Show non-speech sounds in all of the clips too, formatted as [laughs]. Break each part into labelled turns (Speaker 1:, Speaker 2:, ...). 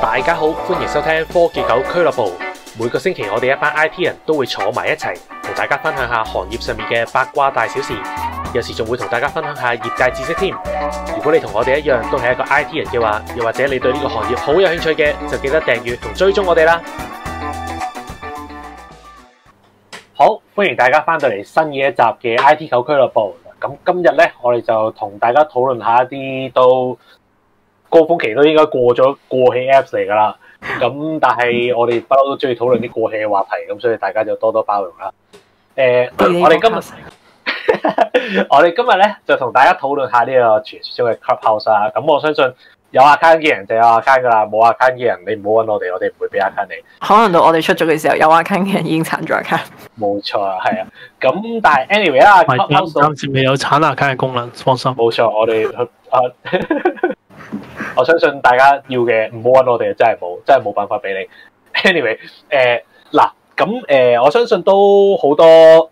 Speaker 1: 大家好，歡迎收聽科技狗俱樂部。每個星期我哋一班 IT 人都會坐埋一齊，同大家分享下行業上面嘅八卦大小事，有時仲會同大家分享下業界知識添。如果你同我哋一樣都係一個 IT 人嘅話，又或者你對呢個行業好有興趣嘅，就記得訂閱同追蹤我哋啦。好，歡迎大家翻到嚟新嘅一集嘅 IT 狗俱樂部。咁今日呢，我哋就同大家討論一下一啲都高峰期都應該過咗，過氣 Apps 嚟㗎啦，咁但係我哋不嬲都中意討論啲過氣嘅話題，咁所以大家就多多包容啦。誒、欸，欸、我哋今日， [laughs] 我哋今日咧就同大家討論下呢個傳説中嘅 Clubhouse 啊。咁我相信有 account 嘅人就有 account 㗎啦，冇 account 嘅人你唔好揾我哋，我哋唔會俾
Speaker 2: account 你。
Speaker 3: 可能到我哋出咗嘅時候，有 account 嘅人已經剷咗 account。冇 [laughs] 錯，係 [laughs] 啊。咁但係 anyway 啦，暫
Speaker 2: 時未有剷 account 嘅功能，放心。冇錯，我哋去啊。啊 [laughs]
Speaker 1: 我相信大家要嘅唔好揾我哋，真係冇，真係冇辦法俾你。Anyway，誒、呃、嗱，咁誒、呃，我相信都好多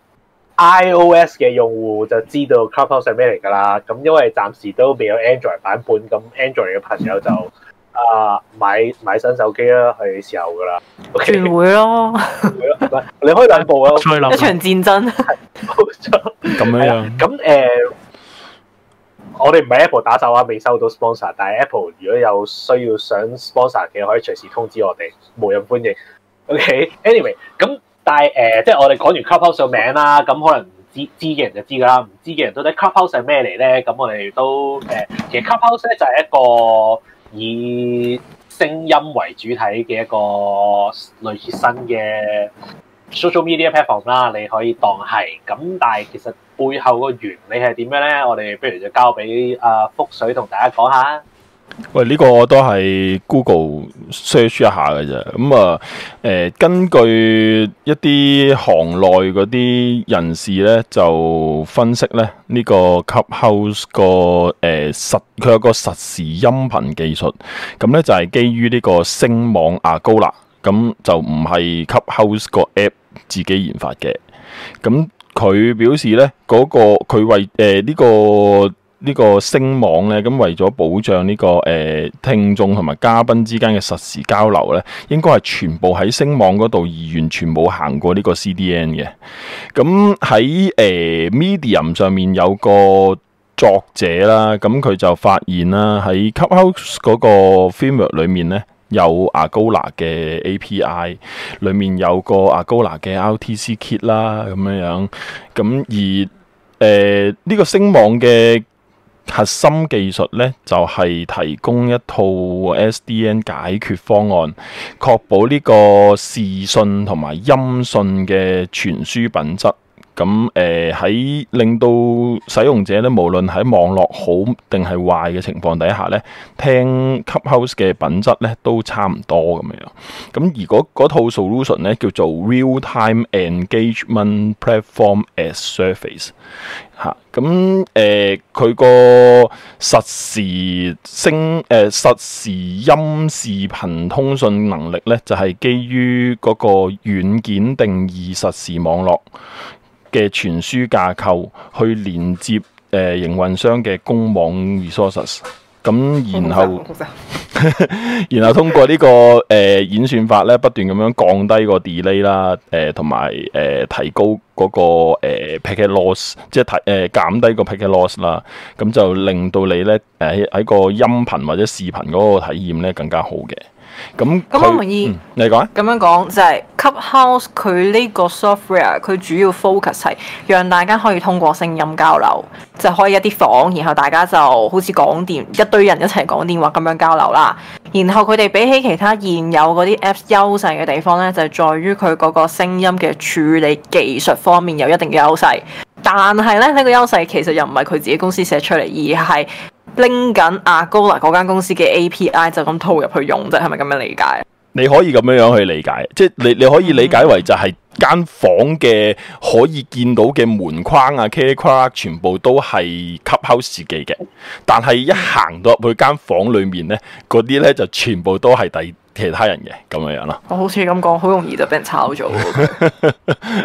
Speaker 1: iOS 嘅用戶就知道 Clubhouse 係咩嚟㗎啦。咁因為暫時都未有 Android 版本，咁 Android 嘅朋友就啊、呃、買買新手機啦，係時候㗎啦。
Speaker 3: 轉會咯，
Speaker 1: 你開兩部啊， [laughs] 我想想一場
Speaker 3: 戰爭
Speaker 4: 咁樣樣。
Speaker 1: 咁誒。呃我哋唔係 Apple 打手啊，未收到 sponsor。但係 Apple 如果有需要想 sponsor 嘅，可以隨時通知我哋，無任歡迎。OK，anyway，okay？咁但係誒、呃，即係我哋講完 Clubhouse 個名啦，咁可能唔知知嘅人就知㗎啦，唔知嘅人都知 Clubhouse 係咩嚟咧。咁、嗯、我哋都誒、呃，其實 Clubhouse 咧就係一個以聲音為主體嘅一個類似新嘅。Social media platform 啦，你可以當係咁，但係其實背後個原理係點樣咧？我哋不如就交俾阿、啊、福水同大家講下。
Speaker 4: 喂、呢、這個我都係 Google Search 一下嘅啫。咁啊，誒、呃呃，根據一啲行內嗰啲人士咧，就分析咧呢、這個 Clubhouse 個誒實，佢有個實時音頻技術，咁咧就係基於呢個聲網 Agora 啦。咁就唔係 Clubhouse 個 App 自己研發嘅，咁佢表示呢嗰、那個佢為誒呢、呃呢個呢、呢個聲網呢，咁為咗保障呢、呢個誒、呃、聽眾同埋嘉賓之間嘅實時交流呢，應該係全部喺聲網嗰度而完全冇行過呢個 CDN 嘅。咁喺、呃、Medium 上面有個作者啦，咁佢就發現啦喺 Clubhouse 嗰個 file 裏面呢。有阿高拿嘅 API，裏面有個阿高拿嘅 RTC Kit 啦，咁樣樣。咁而誒呢、呃這個聲網嘅核心技術咧，就係、是、提供一套 SDN 解決方案，確保呢個視訊同埋音訊嘅傳輸品質。咁誒喺令到使用者咧，無論喺網絡好定係壞嘅情況底下咧，聽 cuphouse 嘅品質咧都差唔多咁樣。咁如果嗰套 solution 咧叫做 real-time engagement platform as surface 嚇、啊。咁誒佢個實時聲誒、呃、實時音視頻通訊能力咧，就係、是、基於嗰個軟件定義實時網絡，嘅傳輸架構去連接誒營運商嘅公網 resources，咁然後 [laughs] [laughs] 然後通過呢、這個誒、呃、演算法咧，不斷咁樣降低個 delay 啦，誒同埋誒提高個誒 packet loss，即係提誒減低個 packet loss 啦，咁就令到你咧誒喺個音頻或者視頻個體驗咧更加好嘅。咁咁我同意。你講，
Speaker 3: 咁樣講就係 Clubhouse 佢呢個 software，佢主要 focus 係讓大家可以通過聲音交流，就可以一啲房，然後大家就好似講電一堆人一齊講電話咁樣交流啦。然後佢哋比起其他現有嗰啲 apps 優勢嘅地方咧，就係在於佢嗰個聲音嘅處理技術方面有一定嘅優勢。但係咧，呢個優勢其實又唔係佢自己公司寫出嚟，而係。拎緊阿高嗱嗰間公司嘅 API 就咁套入去用啫，係咪咁樣理解？
Speaker 4: 你可以咁樣樣去理解，即係你你可以理解為就係間房嘅可以見到嘅門框啊、case 框、啊、全部都係吸口 p t 嘅，但係一行到入去間房裡面咧，嗰啲咧就全部都係第其他人嘅咁樣樣咯。我
Speaker 3: 好似咁講，好容易就俾人炒咗。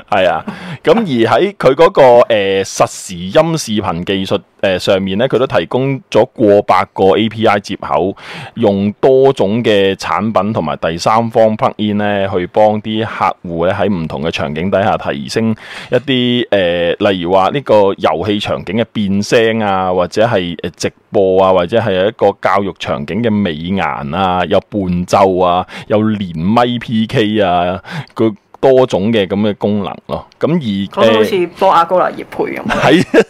Speaker 4: 係啊，咁而喺佢嗰個誒、呃、實時音視頻技術。誒、呃，上面咧佢都提供咗過百個 API 接口，用多種嘅產品同埋第三方 plugin 咧，去幫啲客戶咧喺唔同嘅場景底下提升一啲誒、呃，例如話呢個遊戲場景嘅變聲啊，或者係誒直播啊，或者係一個教育場景嘅美顏啊，有伴奏啊，有連咪 PK 啊，佢多種嘅咁嘅功能咯、啊。咁而，佢、呃、好似
Speaker 3: 波阿高啦葉培咁。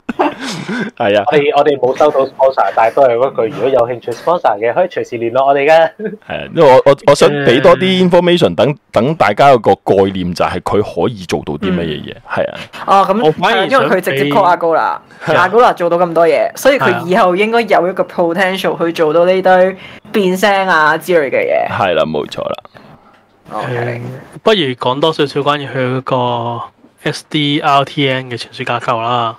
Speaker 3: [laughs]
Speaker 4: 係 [laughs] 是啊 [laughs] 我，我哋我哋冇收到 sponsor，但係
Speaker 1: 都係嗰句，如果有興趣 sponsor 嘅，可以隨時聯絡我哋噶。係 [laughs] 啊，因
Speaker 4: 為我我我想俾多啲 information，等等大家有個概念，就係佢可以做到啲乜嘢嘢。係
Speaker 3: 啊，哦咁、啊，嗯、我反而因為佢直接 call 阿高啦，阿高啦做到咁多嘢，所以佢以後應該有一個 potential 去做到呢堆變聲啊之類嘅嘢。
Speaker 4: 係、啊、啦，冇錯啦。
Speaker 2: 不如講多少少關於佢嗰個 SDRTN 嘅傳輸架構啦。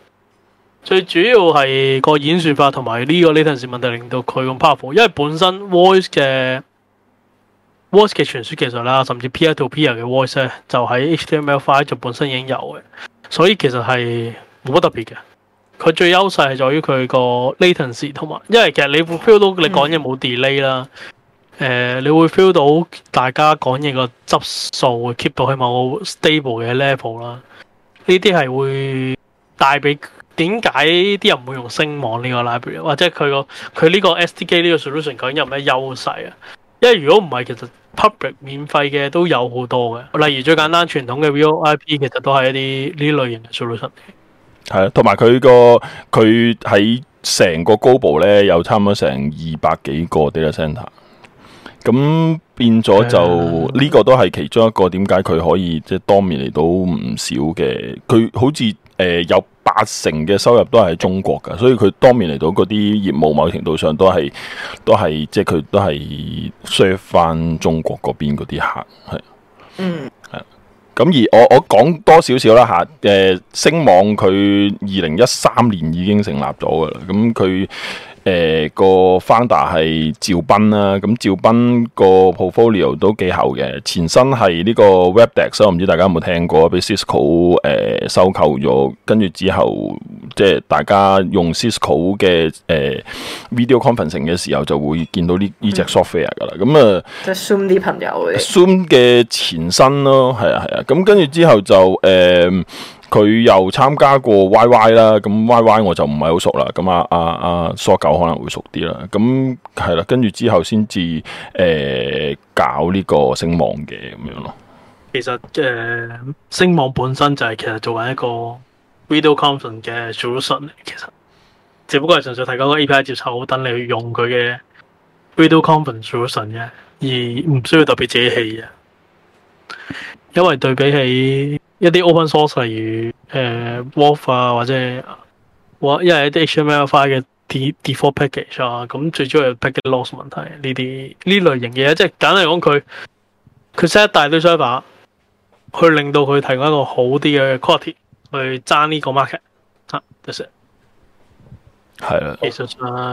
Speaker 2: 最主要係個演算法同埋呢個 latency 問題令到佢咁 powerful，因為本身 voice 嘅 [music] voice 嘅傳輸技術啦，甚至 peer to peer 嘅 voice 咧，就喺 HTML Five 就本身已經有嘅，所以其實係冇乜特別嘅。佢最優勢係在於佢個 latency 同埋，因為其實你會 feel 到你講嘢冇 delay 啦，誒、嗯呃，你會 feel 到大家講嘢個質素會 keep 到喺某 stable 嘅 level 啦。呢啲係會帶俾。點解啲人唔會用星網呢個 library，或者佢個佢呢個 SDK 呢個 solution 究竟有咩優勢啊？因為如果唔係，其實 public 免費嘅都有好多嘅，例如最簡單傳統嘅 VoIP，其實都係一啲呢類型嘅 solution。
Speaker 4: 係啊，同埋佢個佢喺成個 global 咧有差唔多成二百幾個 data center，咁變咗就呢、啊、個都係其中一個點解佢可以即係當面嚟到唔少嘅，佢好似。誒、呃，有八成嘅收入都係喺中國噶，所以佢當面嚟到嗰啲業務，某程度上都係都係，即係佢都係 share 翻中國嗰邊嗰啲客係，嗯，係、啊，咁而我我講多少少啦吓，誒、啊，聲網佢二零一三年已經成立咗噶啦，咁佢。誒，呃個 founder 係趙斌啦、啊，咁趙斌個 portfolio 都幾厚嘅。前身係呢個 Webex，d 我、啊、唔知大家有冇聽過，俾 Cisco 誒、呃、收購咗，跟住之後即係大家用 Cisco 嘅誒、呃、video conferencing 嘅時候，就會見到呢呢隻 software 噶啦。咁、嗯、啊，
Speaker 3: 即係 Zoom 啲朋友
Speaker 4: ，Zoom 嘅嘅前身咯，係啊係啊，咁跟住之後就誒。呃佢又參加過 YY 啦，咁 YY 我就唔係好熟啦，咁啊啊啊，索狗可能會熟啲啦，咁係啦，跟住之後先至誒搞呢個聲網嘅咁樣咯。
Speaker 2: 其實誒聲、呃、網本身就係其實作為一個 video conference 嘅 solution，其實只不過係純粹提供個 API 接觸好等你去用佢嘅 video conference solution 嘅，而唔需要特別自己起啊，因為對比起一啲 open source 例如誒 Wolf 啊，或者，或者，或者因為一啲 HTML5 嘅 default package 啊，咁最主要係 package loss 問題。呢啲呢類型嘅，即係簡單嚟講，佢佢 set 一大堆 server 去令到佢提供一個好啲嘅 quality 去爭呢個 market 嚇、啊的啊。就是係啦，其實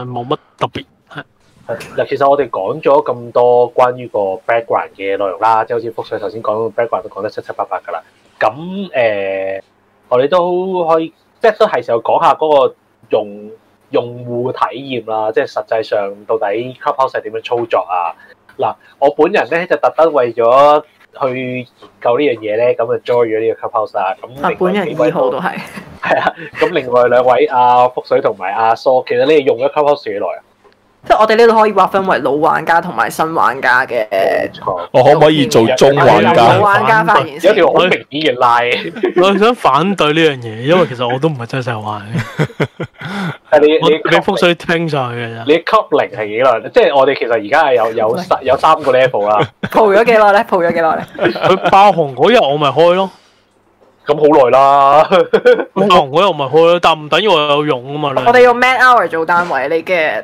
Speaker 2: 冇乜特別
Speaker 1: 係。嗱，其實我哋講咗咁多關於個 background 嘅內容啦，即係好似福水頭先講個 background 都講得七七八八㗎啦。咁誒、呃、我哋都可以，即係都係時候講下個用用戶體驗啦，即係實際上到底 Clubhouse 點樣操作啊？嗱，我本人咧就特登為咗去研究呢樣嘢咧，咁就 join 咗呢個 Clubhouse。咁啊，本人喜好都係係啊。咁另外兩位阿福水同埋阿疏，其實你哋用咗 Clubhouse
Speaker 4: 幾耐啊？
Speaker 3: 即係我哋呢度可以劃分為老玩家同埋新玩家嘅。
Speaker 4: 我可唔可以做中玩家？老玩家翻
Speaker 1: 嚟先，一條好明顯
Speaker 2: 嘅拉。我， [laughs] 我想反對呢樣嘢，因為其實我都唔係真係玩。你你你覆水聽晒去嘅咋？
Speaker 1: 你吸力係幾耐？即係我哋其實而家係有有三有三個 level 啦 [laughs] 。
Speaker 3: 抱咗幾耐咧？抱咗幾耐咧？
Speaker 2: 佢爆紅嗰日我咪開咯，咁好耐啦。 [laughs] 爆紅嗰日我咪開咯，但唔等於我有用啊嘛。我哋
Speaker 3: 用 man hour 做單位，你 get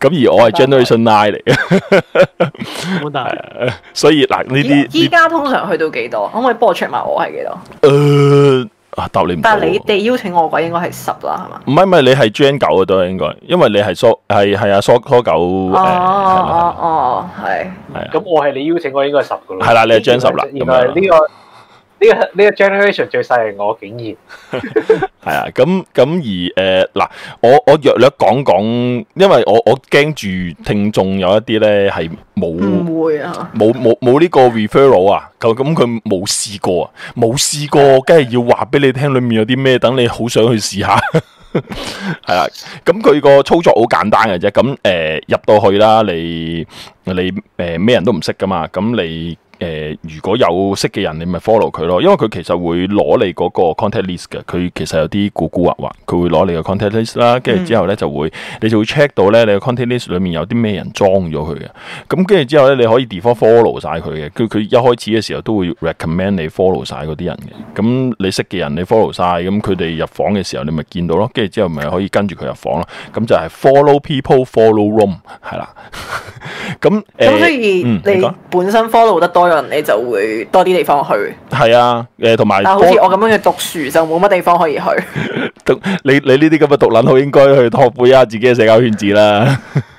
Speaker 4: 咁而我係 generation nine 嚟嘅，好大。所以嗱，呢啲依
Speaker 3: 家通常去到幾多？可唔可以幫我 check 埋我係幾多？
Speaker 4: 誒，答你。但係你
Speaker 3: 哋邀請我嘅話，應該係十啦，係嘛？
Speaker 4: 唔係唔係，你係 gen 九嘅都應該，因為你係縮係係啊，縮縮九。哦哦哦，係。係。咁、哦、我係你邀請我應該係
Speaker 3: 十噶咯。
Speaker 4: 係啦，你
Speaker 1: 係 gen 十啦。咁呢、呢個。呢個呢個 generation 最細，我嘅經驗
Speaker 4: 係啊！咁咁而誒，嗱，我我略略講講，因為我我驚住聽眾有一啲咧係冇，唔
Speaker 3: 會啊，
Speaker 4: 冇冇冇呢個 referral 啊，咁咁佢冇試過啊，冇試過，梗係要話俾你聽，裏面有啲咩，等你好想去試下。係啊，咁佢個操作好簡單嘅啫，咁誒入到去啦，你你誒咩人都唔識噶嘛，咁你。誒、呃、如果有識嘅人，你咪 follow 佢咯，因為佢其實會攞你嗰個 contact list 嘅，佢其實有啲古古惑惑，佢會攞你嘅 contact list 啦，跟住之後咧就會，你就會 check 到咧你嘅 contact list 裏面有啲咩人裝咗佢嘅，咁跟住之後咧你可以 default follow 晒佢嘅，跟佢一開始嘅時候都會 recommend 你 follow 晒嗰啲人嘅，咁你識嘅人你 follow 晒。咁佢哋入房嘅時候你咪見到咯，跟住之後咪可以跟住佢入房咯，咁、嗯、就係、係、follow people follow room 係啦，咁咁所以你本身 follow 得多。你就
Speaker 3: 會多啲地方去。
Speaker 4: 係啊，誒同埋但係好似我咁
Speaker 3: 樣去讀書我就冇乜地方可以去
Speaker 4: [laughs] 讀，你你呢啲咁嘅毒撚，好應該去拓背一下自己嘅社交圈子啦。 [laughs]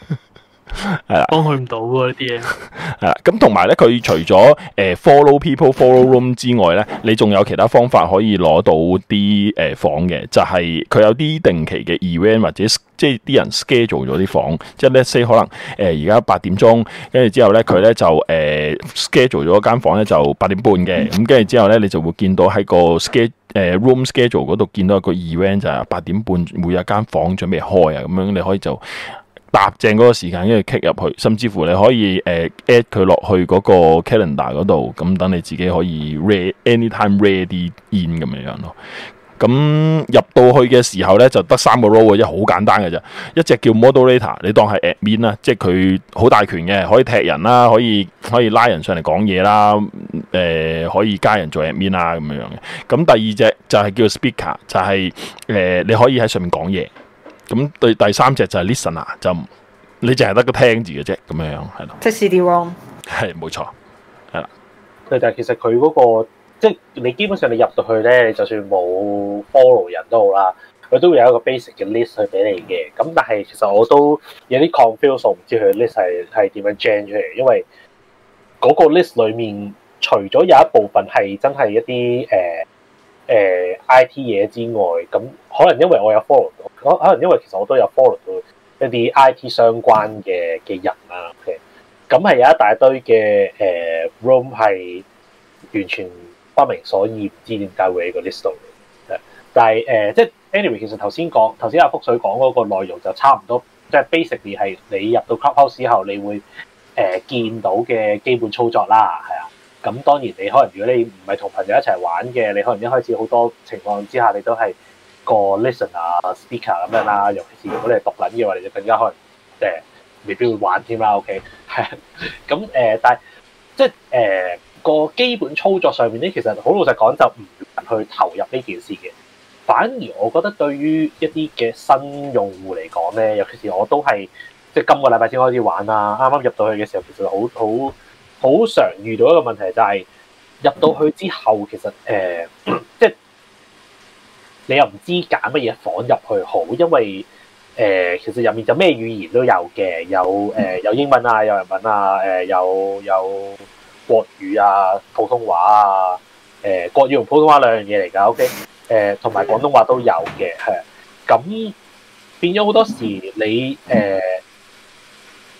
Speaker 4: 係啦，幫佢唔
Speaker 2: 到喎呢啲嘢。
Speaker 4: 係啦、啊，咁同埋咧，佢除咗誒、呃、follow people follow room 之外咧，你仲有其他方法可以攞到啲誒、呃、房嘅，就係、是、佢有啲定期嘅 event 或者即係啲人 schedule 咗啲房，即係咧 say 可能誒而家八點鐘，跟住之後咧佢咧就誒、呃、schedule 咗一間房咧就八點半嘅，咁跟住之後咧你就會見到喺個 schedule 誒、呃、room schedule 嗰度見到一個 event 就係八點半，每一間房準備開啊，咁樣你可以就。搭正嗰個時間，跟住 kick 入去，甚至乎你可以誒 add 佢落去嗰個 calendar 嗰度，咁、嗯、等你自己可以 read anytime ready in 咁樣樣咯。咁入到去嘅時候咧，就得三個 row 嘅啫，好簡單嘅啫。一隻叫 moderator，你當係 admin 啦，即係佢好大權嘅，可以踢人啦，可以可以拉人上嚟講嘢啦，誒、呃、可以加人做 admin 啦咁樣樣嘅。咁、嗯、第二隻就係叫 speaker，就係、是、誒、呃、你可以喺上面講嘢。咁對第三隻就係 listener，就你淨係得個聽字嘅啫，咁樣樣係咯。
Speaker 3: 即 CD ROM。
Speaker 4: 係冇、嗯、錯，係啦。
Speaker 1: 即係 [music] 其實佢嗰、嗰個，即係你基本上你入到去咧，就算冇 follow 人都好啦，佢都會有一個 basic 嘅 list 去俾你嘅。咁但係其實我都有啲 confusion，唔知佢 list 係係點樣 change 出嚟，因為嗰個 list 裡面除咗有一部分係真係一啲誒誒 IT 嘢之外，咁、嗯。可能因為我有 follow 到，可能因為其實我都有 follow 到一啲 I.T. 相關嘅嘅人啊。OK，咁係有一大堆嘅誒、uh, room 係完全不明所以，唔知點解會喺個 list 度。但係誒，即、uh, 係 anyway，其實頭先講，頭先阿福水講嗰個內容就差唔多，即、就、係、是、basically 係你入到 Clubhouse 之後，你會誒、uh, 見到嘅基本操作啦，係啊。咁當然你可能如果你唔係同朋友一齊玩嘅，你可能一開始好多情況之下你都係。個 listener 啊 speaker 咁樣啦，尤其是如果你係讀緊嘅話，你就更加可能即係、呃、未必會玩添啦。OK，咁 [laughs] 誒、嗯呃，但即係誒個基本操作上面咧，其實好老實講就唔去投入呢件事嘅。反而我覺得對於一啲嘅新用戶嚟講咧，尤其是我都係即係今個禮拜先開始玩啦，啱啱入到去嘅時候，其實好好好常遇到一個問題就係入到去之後，其實誒、呃、即係。你又唔知揀乜嘢房入去好，因為誒、呃、其實入面就咩語言都有嘅，有誒、呃、有英文啊，有日文啊，誒、呃、有有國語啊、普通話啊，誒、呃、國語同普通話兩樣嘢嚟㗎，OK？誒同埋廣東話都有嘅，係咁，變咗好多時你誒、呃，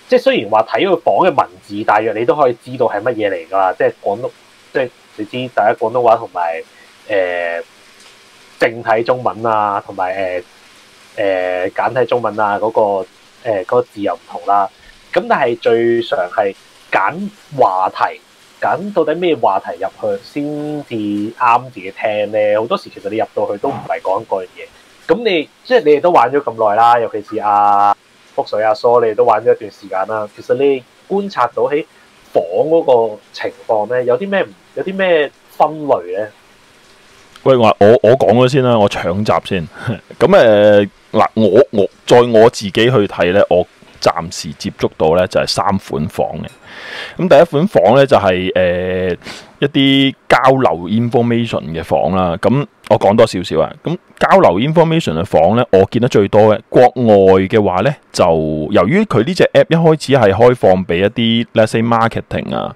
Speaker 1: 即係雖然話睇個房嘅文字，大約你都可以知道係乜嘢嚟㗎喇，即係廣東，即係你知大家廣東話同埋誒。呃正體中文啊，同埋誒誒簡體中文啊，嗰、那個誒、呃那個、字又唔同啦。咁但係最常係揀話題，揀到底咩話題入去先至啱自己聽咧。好多時其實你入到去都唔係講嗰樣嘢。咁你即係你哋都玩咗咁耐啦，尤其是阿、啊、福水阿、啊、疏，你哋都玩咗一段時間啦。其實你觀察到喺房嗰個情況咧，有啲咩？有啲咩分類咧？
Speaker 4: 喂，我我講咗先，搶先、 [laughs] 呃、啦，我搶閘先。咁誒，嗱，我我在我自己去睇咧，我暫時接觸到咧就係、是、三款房嘅。咁第一款房咧就係、是、誒、呃、一啲交流 information 嘅房啦。咁我講多少少啊。咁交流 information 嘅房咧，我見得最多嘅國外嘅話咧，就由於佢呢隻 app 一開始係開放俾一啲，let's say marketing 啊。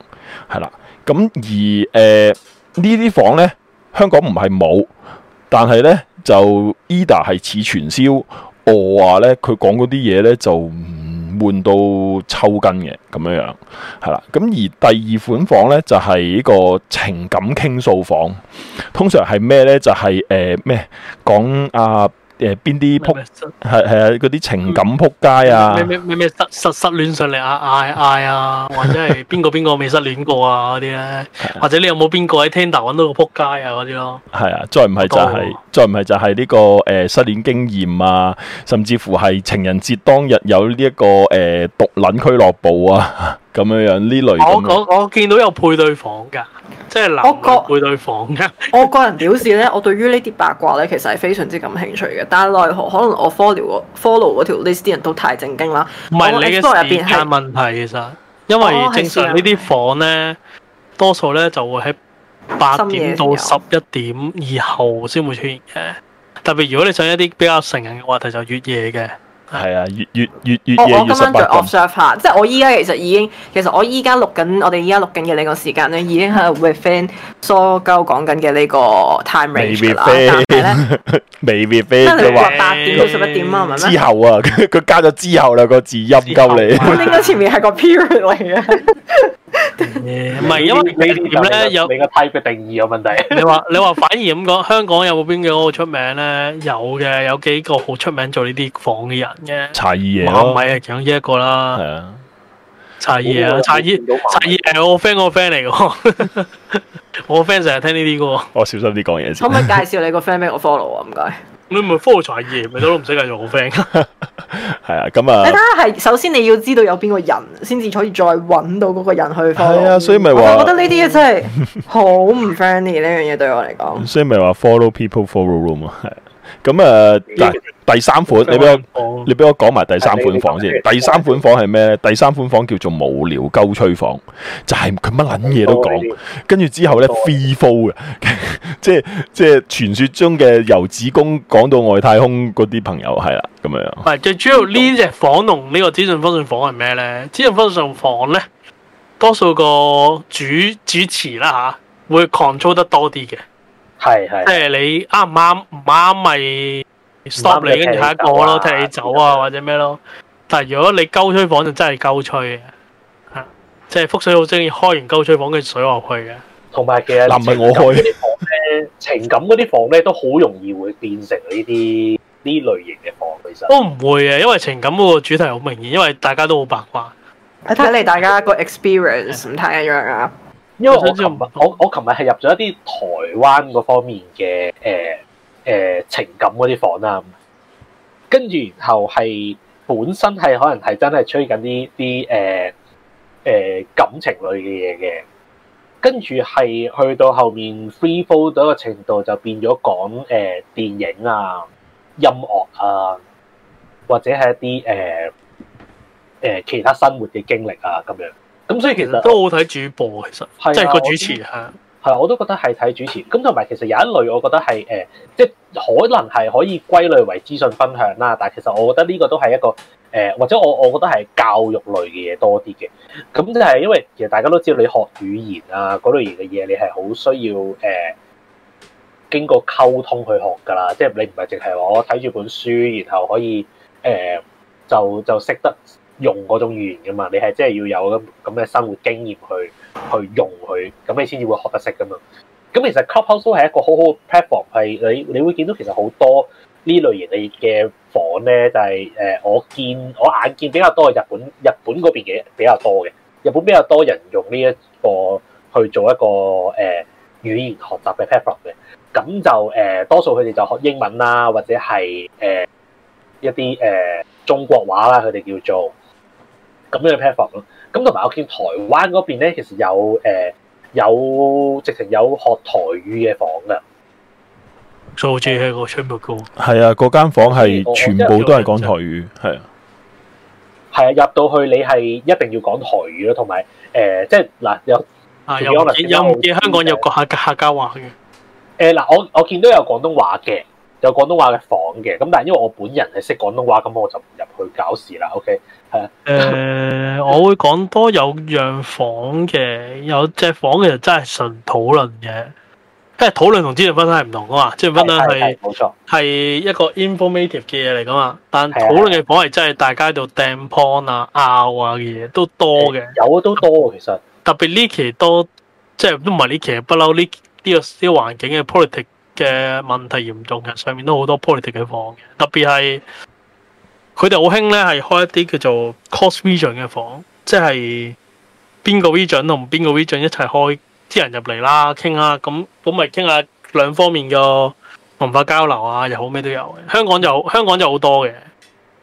Speaker 4: 係啦，咁而誒、呃、呢啲房咧，香港唔係冇，但係咧就 Eda 係似傳銷，我話咧佢講嗰啲嘢咧就唔悶到抽筋嘅咁樣樣，係啦，咁而第二款房咧就係、是、呢個情感傾訴房，通常係咩咧？就係誒咩講啊？誒，邊啲撲街？係啊？嗰啲情感撲街啊？咩
Speaker 2: 咩咩咩失失失戀上嚟啊！嗌嗌啊！或者係邊個邊個未失戀過啊？嗰啲咧，或者你有冇邊個喺 Tinder 搵到個撲街啊？嗰
Speaker 4: 啲咯，係啊！再唔係就係，再唔係就係呢個誒失戀經驗啊，甚至乎係情人節當日有呢一個誒獨撚俱樂部啊！咁樣樣呢類我，我
Speaker 2: 我我見到有配對房噶，即係嗱，配對房噶。
Speaker 3: 我個人表示咧， [laughs] 我對於呢啲八卦咧，其實係非常之感興趣嘅。但係奈何可能我 follow, follow follow 嗰條 list 啲人都太正經啦。唔係是你嘅，但係
Speaker 2: 問題其實因為正常呢啲房咧，多數咧就會喺八點到十一點以後先會出現嘅。特別如果你想一啲比較成人嘅話題，就越夜嘅。
Speaker 4: 係啊，越越越越
Speaker 2: 夜越十八。我今
Speaker 3: 晚再 observe 下，即係我依家其實已經，其實我依家錄緊我哋依家錄緊嘅呢個時間咧，已經係 within 所夠講緊嘅呢個 time range
Speaker 4: 未，e 啦。係你話八點到十一點啊，唔係咩？之後啊，佢加咗之後兩個字音鳩你。應該
Speaker 3: 前面係個 period 嚟嘅，唔係因為你
Speaker 4: 點咧
Speaker 2: 有你個 type 嘅定義有問題。你話你話反而咁講，香港有冇邊幾個好出名咧？有嘅，有幾個好出名做呢啲房嘅人。茶二耶，唔係啊，其中一個啦。係啊，茶二啊，茶二，茶二係我 friend，我 friend 嚟噶。我 friend 成日聽呢啲歌。我小心啲講嘢先。可唔可以介
Speaker 3: 紹你個 friend 俾我 follow 啊？唔該。
Speaker 2: 你唔係 follow 茶二，咪都唔使介紹我 friend。係啊，
Speaker 4: 咁啊。
Speaker 3: 你睇下，係首先你要知道有邊個人，先至可以再揾到嗰個人去 follow。係啊，所以咪話。我覺得呢啲嘢真係好唔 friendly 呢樣嘢，對我嚟講。
Speaker 4: 所以咪話 follow people follow room 啊，係。咁啊，第、嗯、第三款，你俾我，你俾我講埋第三款房的先。第三款房係咩咧？第三款房叫做無聊鳩吹房，就係佢乜捻嘢都講，跟住之後咧，free flow 嘅，即係即係傳說中嘅由子宮講到外太空嗰啲朋友係啦，咁樣。
Speaker 2: 唔係，最主要隻呢隻房同呢個資訊分享房係咩咧？資訊分享房咧，多數個主主持啦吓，會 control 得多啲嘅。係，即係你啱唔啱唔啱咪 stop 你，跟住下一個咯，踢你走啊或者咩咯。但係如果你鳩吹房就真係鳩吹嘅，即係覆水好中意開完鳩吹房嘅水落去嘅。同埋其實，唔係我開。嗰啲房
Speaker 1: 咧，情感嗰啲房咧，都好容易會變成
Speaker 2: 呢啲呢類型嘅房。其實都唔會嘅，因為情感個主題好明顯，因為大家都好八卦。
Speaker 3: 睇嚟大家個 experience 唔太一樣啊。因為我琴日
Speaker 1: [noise] 我我琴日係入咗一啲台灣嗰方面嘅誒誒情感嗰啲房啦，跟住然後係本身係可能係真係吹緊啲啲誒誒感情類嘅嘢嘅，跟住係去到後面 free fall 到一個程度就變咗講誒電影啊、音樂啊，或者係一啲誒誒其他生活嘅經歷啊咁樣。
Speaker 2: 咁所以其實都好睇主播，我其實即係、啊、個主持嚇，
Speaker 1: 係啊，我都覺得係睇主持。咁同埋其實有一類，我覺得係誒、呃，即係可能係可以歸類為資訊分享啦。但係其實我覺得呢個都係一個誒、呃，或者我我覺得係教育類嘅嘢多啲嘅。咁就係因為其實大家都知道你學語言啊嗰類型嘅嘢，你係好需要誒、呃、經過溝通去學㗎啦。即係你唔係淨係話我睇住本書，然後可以誒、呃、就就識得用嗰種語言噶嘛，你係真係要有咁咁嘅生活經驗去去用佢，咁你先至會學得識噶嘛。咁其實 Clubhouse 係一個好好嘅 platform，係你你會見到其實好多呢類型嘅嘅房咧，就係、是、誒、呃、我見我眼見比較多係日本日本嗰邊嘅比較多嘅，日本比較多人用呢、這、一個去做一個誒、呃、語言學習嘅 platform 嘅。咁就誒、呃、多數佢哋就學英文啦，或者係誒、呃、一啲誒、呃、中國話啦，佢哋叫做。咁樣嘅 platform 咯，咁同埋我見台灣嗰邊咧，其實有誒、呃、有直情有學台語嘅房噶，
Speaker 2: 數字喺個吹木歌，
Speaker 4: 係啊，嗰間房係全部都係講台語，係啊，
Speaker 1: 係啊，入到去你係一定要講台語咯，同埋誒即係嗱、呃、有、啊、有冇見香港有
Speaker 2: 講下、呃、客家話嘅，
Speaker 1: 誒嗱、呃、我我見到有廣東話嘅。有廣東話嘅房嘅，咁但係因為我本人係識廣東話，咁我就唔入去搞事啦。OK，
Speaker 2: 係啊、嗯。誒， [laughs] 我會講多有樣房嘅，有隻房其實真係純討論嘅。因為討論資同資料分析係唔同噶嘛，資料分析係冇錯，係一個 informative 嘅嘢嚟噶嘛。但係討論嘅房係真係大家度掟 p o 啊、拗啊嘅嘢都多嘅。
Speaker 1: 有都多，其
Speaker 2: 實特別呢期多，即係都唔係呢期，不嬲呢呢個啲環境嘅 p o l i t i c 嘅問題嚴重嘅，上面都好多 political 嘅房嘅，特別係佢哋好興咧，係開一啲叫做 cross region 嘅房，即係邊個 region 同邊個 region 一齊開，啲人入嚟啦，傾下咁，咁咪傾下兩方面嘅文化交流啊，又好咩都有香香。香港有，香港有好多嘅，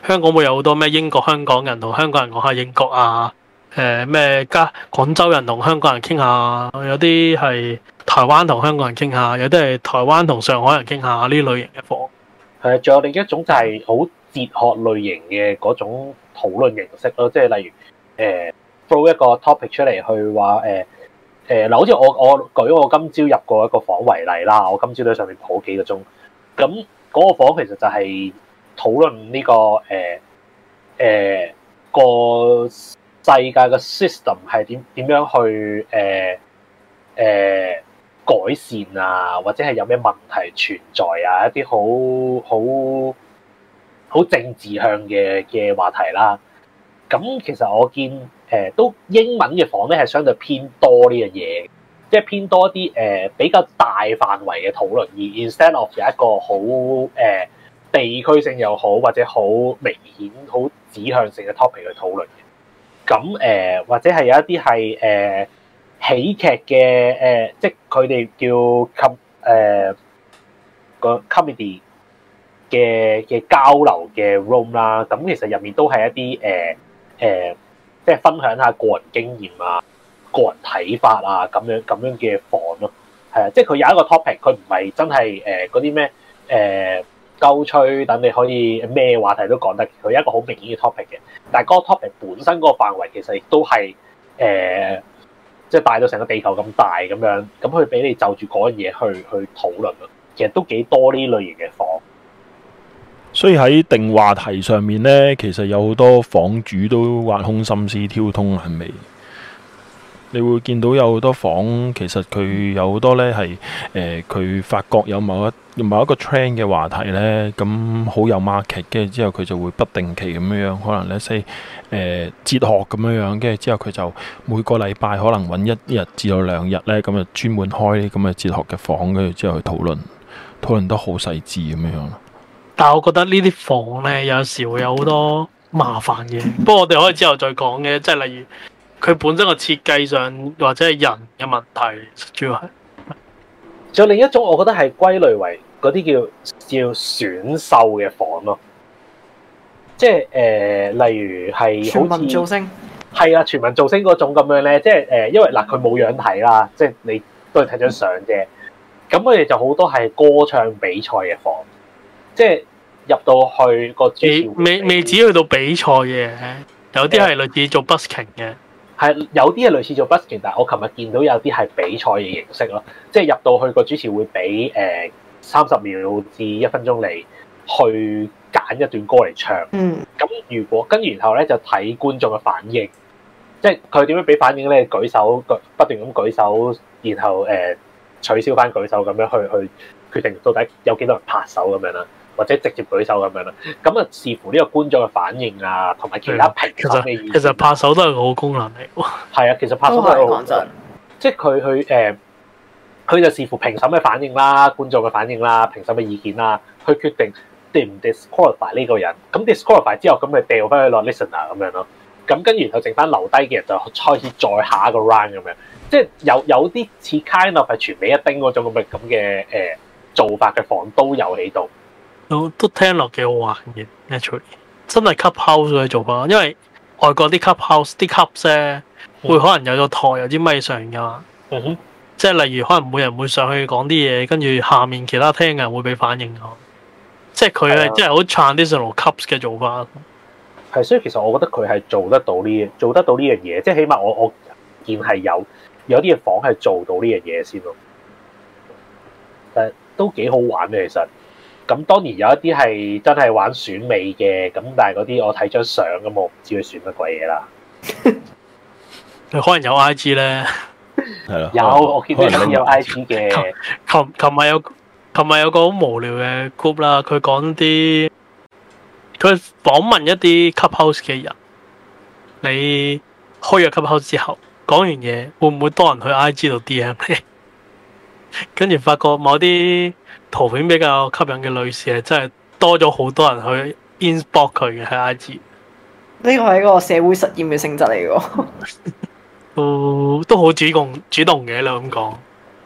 Speaker 2: 香港會有好多咩英國香港人同香港人講下英國啊，誒、呃、咩加廣州人同香港人傾下，有啲係。台灣同香港人傾下，有啲係台灣同上海人傾下呢類型嘅房。
Speaker 1: 係啊，仲有另一種就係好哲學類型嘅嗰種討論形式咯，即、就、係、是、例如誒、呃、throw 一個 topic 出嚟去話誒誒，嗱、呃呃，好似我我，我舉我今朝入過一個房為例啦，我今朝都喺上面鋪幾個鐘。咁嗰個房其實就係討論呢、這個誒誒、呃呃、個世界嘅 system 係點點樣去誒誒。呃呃改善啊，或者係有咩問題存在啊，一啲好好好政治向嘅嘅話題啦。咁其實我見誒、呃、都英文嘅房咧係相對偏多呢樣嘢，即係偏多啲誒、呃、比較大範圍嘅討論，而 instead of 有一個好誒、呃、地區性又好，或者好明顯好指向性嘅 topic 去討論嘅。咁誒、呃，或者係有一啲係誒。呃喜劇嘅誒、呃，即係佢哋叫 com 個 comedy 嘅嘅交流嘅 room 啦。咁其實入面都係一啲誒誒，即係分享下個人經驗啊、個人睇法啊咁樣咁樣嘅房咯。係啊，呃、即係佢有一個 topic，佢唔係真係誒嗰啲咩誒鳩吹等你可以咩話題都講得。佢有一個好明顯嘅 topic 嘅，但係嗰個 topic 本身嗰個範圍其實亦都係誒。呃即係大到成個地球咁大咁樣，咁佢俾你就住嗰樣嘢去去討論咯。其實都幾多呢類型嘅房，
Speaker 4: 所以喺定話題上面呢，其實有好多房主都挖空心思挑通係咪？你會見到有好多房，其實佢有好多咧係誒，佢發覺有某一某一個 trend 嘅話題咧，咁好有 market 跟住之後佢就會不定期咁樣樣，可能咧即誒哲學咁樣樣，跟住之後佢就每個禮拜可能搵一日至到兩日咧，咁啊專門開咁嘅哲學嘅房，跟住之後去討論，討論得好細致咁樣樣。
Speaker 2: 但係我覺得呢啲房咧，有時會有好多麻煩嘅，不過我哋可以之後再講嘅，即係例如。佢本身嘅設計上，或者係人嘅問題。
Speaker 1: 主要係仲有另一種，我覺得係歸類為嗰啲叫叫選秀嘅房咯，即係誒，例如係全民造星，係啊，全民造星嗰種咁樣咧，即係誒，因為嗱佢冇樣睇啦，即係你都係睇張相啫，咁佢哋就好多係歌唱比賽嘅房，
Speaker 2: 即係入到去個未未未止去到比賽嘅，有啲係類似做 busking 嘅。
Speaker 1: 係有啲係類似做 busking，但係我琴日見到有啲係比賽嘅形式咯，即係入到去個主持會俾誒三十秒至一分鐘嚟去揀一段歌嚟唱。嗯，咁如果跟然後咧就睇觀眾嘅反應，即係佢點樣俾反應咧？舉手，舉不斷咁舉手，然後誒、呃、取消翻舉手咁樣去去決定到底有幾多人拍手咁樣啦。或者直接舉手咁樣啦，咁啊視乎呢個觀眾嘅反應啊，同埋其他評審嘅意見，啊其，其實
Speaker 2: 拍手都係個好功能嚟。
Speaker 1: 係啊，其實拍手都係個好功能，哦、即係佢去，誒、呃、佢就視乎評審嘅反應啦、觀眾嘅反應啦、評審嘅意見啦，去決定對唔 disqualify 呢個人。咁、嗯、disqualify 之後，咁咪掉翻去落 listener 咁樣咯。咁跟住然後剩翻留低嘅人就開始再下一個 round 咁樣，樣，即係有有啲似 kind of 係全美一叮嗰種咁嘅咁嘅誒做法嘅房都有喺度。
Speaker 2: 都都聽落幾好玩嘅，actually 真係 cuphouse 嘅做法，因為外國啲 cuphouse 啲 cups 咧會可能有個台有啲麥上㗎嘛，嗯、哼即係例如可能每人會上去講啲嘢，跟住下面其他聽嘅人會俾反應，即係佢係真係好 traditional cups 嘅做法。
Speaker 1: 係，所以其實我覺得佢係做得到呢，做得到呢樣嘢，即係起碼我我見係有有啲嘅房係做到呢樣嘢先咯。誒，都幾好玩嘅其實。咁當然有一啲係真係玩選美嘅，咁但係嗰啲我睇張相咁，我唔知佢選乜鬼嘢啦。
Speaker 2: 佢 [laughs] 可能有 I G 咧，係咯， [laughs] [laughs] 我有我見到有 I G 嘅。琴 [laughs] 琴日有琴日有個好無聊嘅 group 啦，佢講啲佢訪問一啲 club house 嘅人，你開咗 club house 之後，講完嘢會唔會多人去 I G 度 D M 你？跟 [laughs] 住發覺某啲。圖片比較吸引嘅女士係真係多咗好多人去 ins 博佢嘅，喺 IG，
Speaker 3: 呢個係一個社會實驗嘅性質嚟嘅。哦、 [laughs] 嗯，
Speaker 2: 都好主動主動嘅你咁講。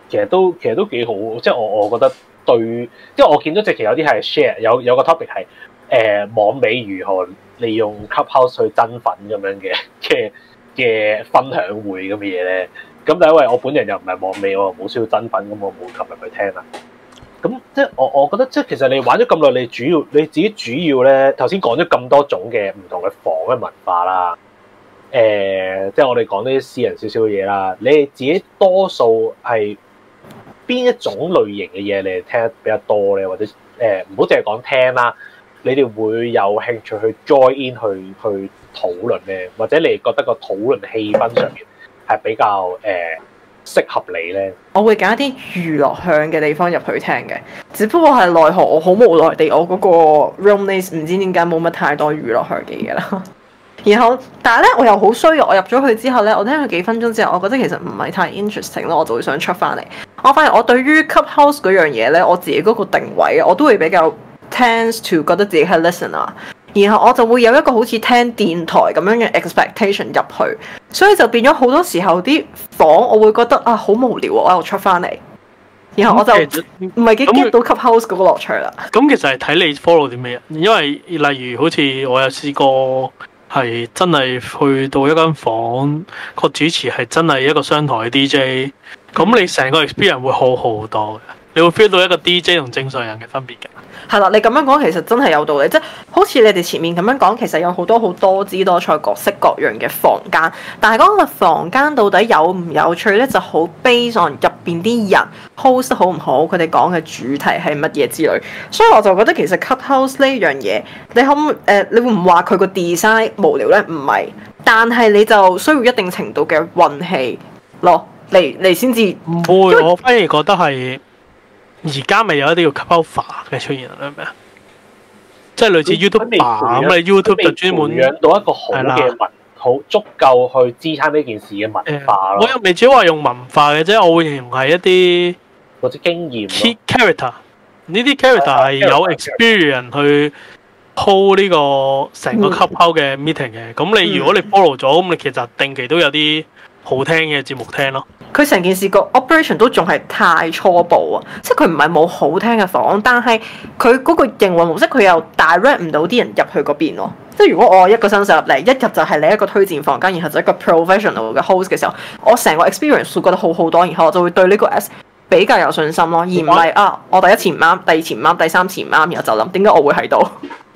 Speaker 1: 其實都其實都幾好，即係我我覺得對，即係我見到近期有啲係 share 有有個 topic 係誒網美如何利用 Clubhouse 去增粉咁樣嘅嘅嘅分享會咁嘅嘢咧。咁但係因為我本人又唔係網美，我冇需要增粉，咁我冇加入去聽啦。咁即係我，我覺得即係其實你玩咗咁耐，你主要你自己主要咧，頭先講咗咁多種嘅唔同嘅房嘅文化啦，誒、呃，即係我哋講呢啲私人少少嘢啦。你哋自己多數係邊一種類型嘅嘢，你哋聽得比較多咧，或者誒唔好淨係講聽啦，你哋會有興趣去 join in 去去討論咧，或者你哋覺得個討論氣氛上面係比較誒，呃適合你咧，
Speaker 3: 我會揀一啲娛樂向嘅地方入去聽嘅，只不過係奈何我好無奈地，我嗰個 room name 唔知點解冇乜太多娛樂向嘅嘢啦。 [laughs] 然後，但係咧我又好衰，我入咗去之後咧，我聽咗幾分鐘之後，我覺得其實唔係太 interesting 咯，我就會想出翻嚟。我發現我對於 Clubhouse 嗰樣嘢咧，我自己嗰個定位，我都會比較 tends to 覺得自己係 listener。然後我就會有一個好似聽電台咁樣嘅 expectation 入去，所以就變咗好多時候啲房，我會覺得啊，好無聊我又出翻嚟，然後我就唔係幾 get 到 Clubhouse 嗰個樂趣啦。
Speaker 2: 咁、嗯嗯嗯、其實係睇你 follow 啲咩人，因為例如好似我有試過係真係去到一間房，個主持係真係一個商台嘅 DJ，咁你成個 experience 會好好多嘅，你會 feel 到一個 DJ 同正常人嘅分別嘅。
Speaker 3: 係啦，你咁樣講其實真係有道理，即係好似你哋前面咁樣講，其實有好多好多姿多彩、各式各樣嘅房間，但係嗰個房間到底有唔有趣咧，就、mm hmm. 好 based on。入邊啲人 host 好唔好，佢哋講嘅主題係乜嘢之類，所以我就覺得其實 cut house 呢樣嘢，你可唔誒、呃？你會唔話佢個 design 無聊咧？唔係，但係你就需要一定程度嘅運氣咯，你你先至。唔會，
Speaker 2: 為我反而覺得係。而家咪有一啲叫 cover 嘅出現啦，咩？即係類似 YouTube 咁啦，YouTube 就專門養到一個好嘅文好
Speaker 1: 啦足夠去支撐呢件事嘅文化。我
Speaker 2: 又未至於話用文化嘅啫，我會形容係一啲或者經驗。Keep character 呢啲 character 係、啊啊、有 experience 去 hold 呢個成個 cover 嘅 meeting 嘅、嗯。咁你、嗯嗯、如果你 follow 咗，
Speaker 3: 咁你其實定期都有啲。好聽嘅節目聽咯，佢成件事個 operation 都仲係太初步啊，即係佢唔係冇好聽嘅房，但係佢嗰個營運模式佢又 direct 唔到啲人入去嗰邊咯，即係如果我一個新手入嚟，一入就係你一個推薦房間，然後就一個 professional 嘅 host 嘅時候，我成個 experience 會覺得好好多，然後我就會對呢個 s 比較有信心咯，而唔係啊我第一次唔啱，第二次唔啱，第三次唔啱，然後就諗點解我會喺度。 [laughs]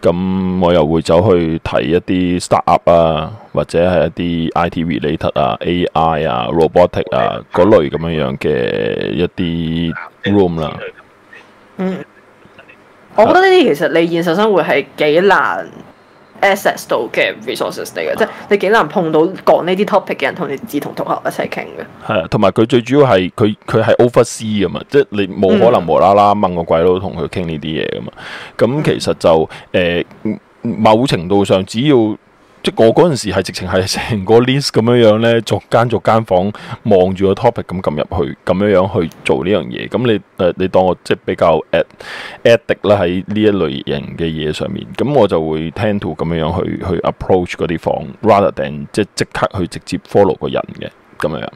Speaker 4: 咁我又會走去睇一啲 start up 啊，或者係一啲 IT related 啊、AI 啊、robotic 啊嗰類咁樣樣嘅一啲 room 啦、啊嗯。
Speaker 3: 我覺得呢啲其實你現實生活係幾難 access 到嘅 resources 嚟嘅，即係你幾難碰到講呢啲 topic 嘅人同你志同道合一齊傾嘅。
Speaker 4: 係啊，同埋佢最主要係佢佢係 oversee 噶嘛，即係你冇可能無啦啦問個鬼佬同佢傾呢啲嘢噶嘛。咁、嗯、其實就誒、呃、某程度上，只要。即我嗰陣時係直情係成個 list 咁樣樣咧，逐間逐間房望住個 topic 咁撳入去，咁樣樣去做呢樣嘢。咁你誒你當我即係比較 add addict 啦，喺呢一類型嘅嘢上面。咁我就會 tend to 咁樣樣去去 approach 嗰啲房，rather than 即係即刻去直接 follow 個人嘅咁樣樣。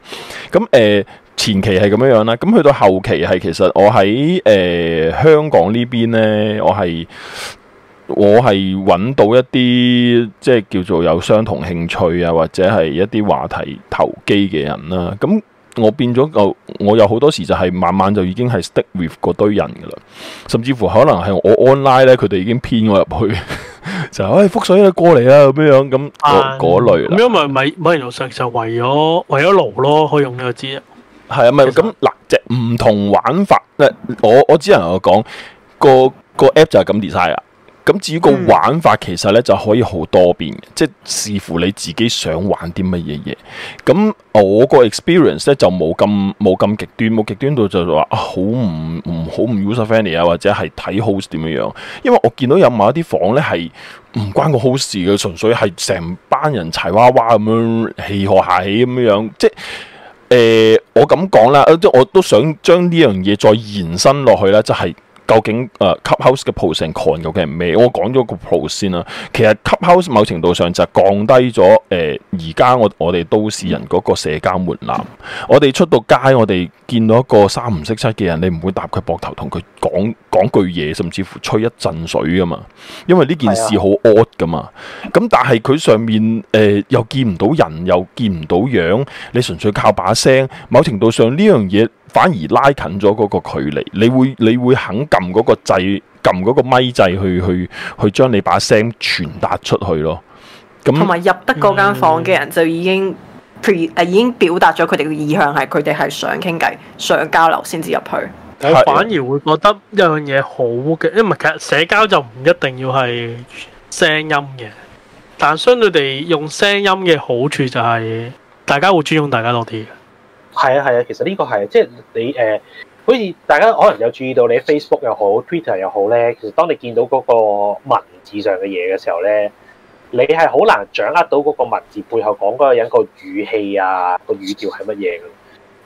Speaker 4: 咁誒、呃、前期係咁樣樣啦。咁去到後期係其實我喺誒、呃、香港呢邊咧，我係。我係揾到一啲即係叫做有相同興趣啊，或者係一啲話題投機嘅人啦、啊。咁我變咗就我，我有好多時就係、是、慢慢就已經係 stick with 嗰堆人噶啦。甚至乎可能係我 online 咧，佢哋已經偏咗入去 [laughs] 就誒覆、哎、水啊，過嚟啊，咁樣樣咁嗰類
Speaker 2: 啦。咁樣咪咪，其實就為咗為咗爐咯，可以用呢個字
Speaker 4: 係啊咪咁嗱，即係唔同玩法我我只能係講個個 app 就係咁 design 噶。咁至於個玩法其實咧，就可以好多變，即係視乎你自己想玩啲乜嘢嘢。咁我個 experience 咧就冇咁冇咁極端，冇極端到就話啊好唔唔好唔 use funny 啊，vania，或者係睇 host 點樣。因為我見到有某一啲房咧係唔關個 host 事嘅，純粹係成班人柴娃娃咁樣起河下起咁樣樣。即係、呃、我咁講啦，即我都想將呢樣嘢再延伸落去啦，就係、是。究竟誒、呃、Clubhouse 嘅 pros and cons 究竟係咩？我講咗個 pros 先啦。其實 Clubhouse 某程度上就係降低咗誒而家我我哋都市人嗰個社交門檻。我哋出到街，我哋見到一個三唔識七嘅人，你唔會搭佢膊頭同佢講講句嘢，甚至乎吹一陣水噶嘛。因為呢件事好 odd 噶嘛。咁但係佢上面誒、呃、又見唔到人，又見唔到樣，你純粹靠把聲。某程度上呢樣嘢，反而拉近咗嗰個距離，你會你會肯撳嗰個掣，撳嗰個咪掣去去去將你把聲傳達出去咯。同
Speaker 3: 埋入得嗰間房嘅人就已經、嗯、已經表達咗佢哋嘅意向係佢哋係想傾偈、想交流先至入去。我是
Speaker 2: 反而會覺得一樣嘢好嘅，因為其實社交就唔一定要係聲音嘅，但相對地用聲音嘅好處就係、是、大家會尊重大家多啲。係
Speaker 1: 啊，係啊，其實呢個係即係你誒，好、呃、似大家可能有注意到你，你 Facebook 又好，Twitter 又好咧，其實當你見到嗰個文字上嘅嘢嘅時候咧，你係好難掌握到嗰個文字背後講嗰個人個語氣啊，個語調係乜嘢嘅。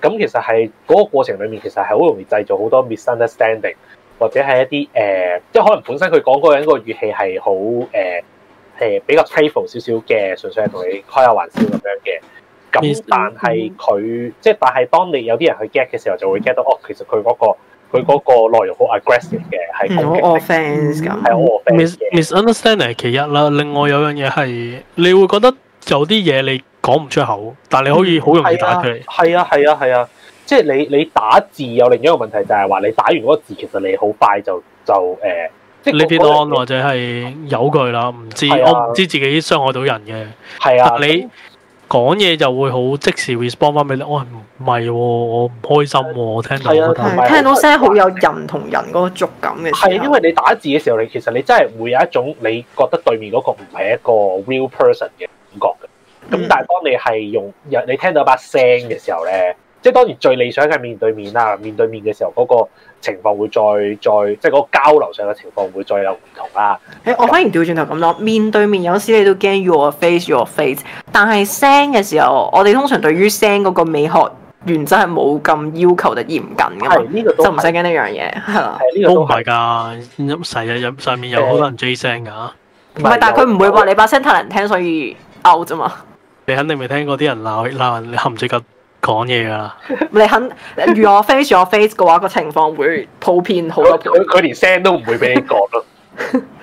Speaker 1: 咁、嗯、其實係嗰、那個過程裡面，其實係好容易製造好多 misunderstanding，或者係一啲誒、呃，即係可能本身佢講嗰個人個語氣係好誒誒比較 playful 少少嘅，純粹係同你開下玩笑咁樣嘅。但係佢，即係但係，當你有啲人去 get 嘅時候，就會 get 到哦。其實佢嗰個佢嗰個內容好 aggressive 嘅，係好
Speaker 2: offensive，係好 off。Mis misunderstanding 其一啦，另外有樣嘢係你會覺得有啲嘢你講唔出口，但係你可以好容易打出
Speaker 1: 去。係啊，係啊，係啊，即係你你打字有另一個問題，就係話你打完嗰個字，其實你好快就就誒，即
Speaker 2: 係覺得或者係有句啦，唔知我唔知自己傷害到人嘅。係啊，你。講嘢就會好即時 respond 翻俾你。我係唔係喎？
Speaker 3: 我唔開心喎！聽到係啊，同埋聽到聲好有人同人嗰個觸感嘅。係因
Speaker 1: 為你打字嘅時候，你其實你真係會有一種你覺得對面嗰個唔係一個 real person 嘅感覺嘅。咁但係當你係用，你聽到一把聲嘅時候咧。所以當然最理想係面對面啦，面對面嘅時候嗰個情況會再再即係嗰個交流上嘅情況會再有唔同
Speaker 3: 啦。誒、欸，我反而調轉頭咁咯，面對面有時你都驚 your face your face，但係聲嘅時候，我哋通常對於聲嗰個美學原則係冇咁要求得嚴謹噶嘛，個就唔使驚呢樣嘢嚇。
Speaker 2: 都唔係㗎，音實入入上面有好多人追聲㗎，唔
Speaker 3: 係，但係佢唔會話你把聲太難聽，所以拗啫嘛。
Speaker 2: 你肯定未聽過啲人鬧鬧你含住嚿講嘢
Speaker 3: 噶啦， [laughs] 你肯如果我 face 我 face 嘅話，個情況會普遍好多遍。佢佢 [laughs] 連聲
Speaker 1: 都唔會俾你講咯，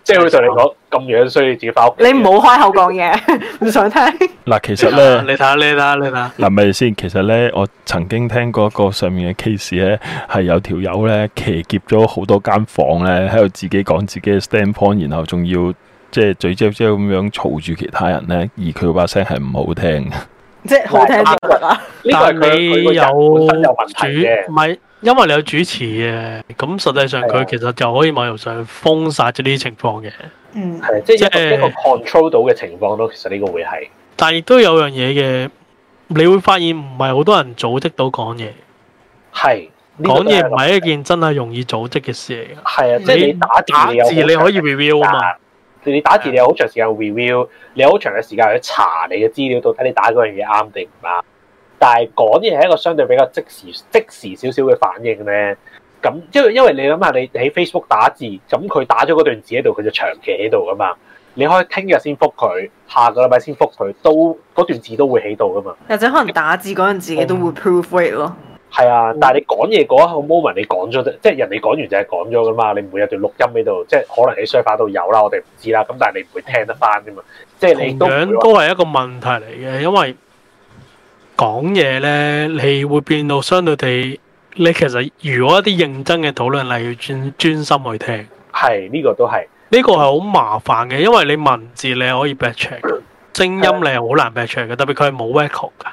Speaker 1: 即係佢上嚟講咁樣，所以自己包。 [laughs] 你唔好開口講
Speaker 3: 嘢，你 [laughs] 想聽？
Speaker 4: 嗱，其實咧，你
Speaker 2: 睇下，你睇下，你睇下，
Speaker 4: 嗱，咪先。其實咧，我曾經聽過一個上面嘅 case 咧，係有條友咧騎劫咗好多間房咧，喺度自己講自己嘅 standpoint，然後仲要即係嘴嚼嚼咁樣嘈住其他人咧，而佢把聲係唔好聽
Speaker 3: 即係好聽
Speaker 4: 啲嘅啦，但係你有
Speaker 2: 主，唔係因為你有主持嘅，咁實際上佢其實就可以馬上封殺咗呢啲情況嘅。嗯，係即係一個
Speaker 1: control 即到嘅情況咯，其實呢個會係。
Speaker 2: 但係亦都有樣嘢嘅，你會發現唔係好多人組織到講嘢，係講嘢唔係一件真係容易組織嘅事嚟嘅。係啊的，你，你打字你可以 review 嘛？打
Speaker 1: 你打字你有好長時間 review，你有好長嘅時間去查你嘅資料，到底你打嗰樣嘢啱定唔啱？但係講嘢係一個相對比較即時、即時少少嘅反應咧。咁，因為因為你諗下，你喺 Facebook 打字，咁佢打咗嗰段字喺度，佢就長期喺度㗎嘛。你可以聽日先覆佢，下個禮拜先覆佢，都嗰段字都會喺度㗎嘛。
Speaker 3: 或者可能打字嗰陣時都會 proof it 咯。
Speaker 1: 係啊，但係你講嘢嗰一個 moment，你講咗即係人哋講完就係講咗噶嘛。你每日對錄音喺度，即係可能你 share 翻都有啦，我哋唔知啦。咁但係你唔會聽得翻啫嘛。即係同樣都係一
Speaker 2: 個問題嚟嘅，因為講嘢咧，你會變到相對地，你其實如果一啲認真嘅討論，你要專專心去聽。係呢，呢個都係呢個係好麻煩嘅，因為你文字你可以 backcheck，聲音你係好難 backcheck 嘅，特別佢係冇 record 噶。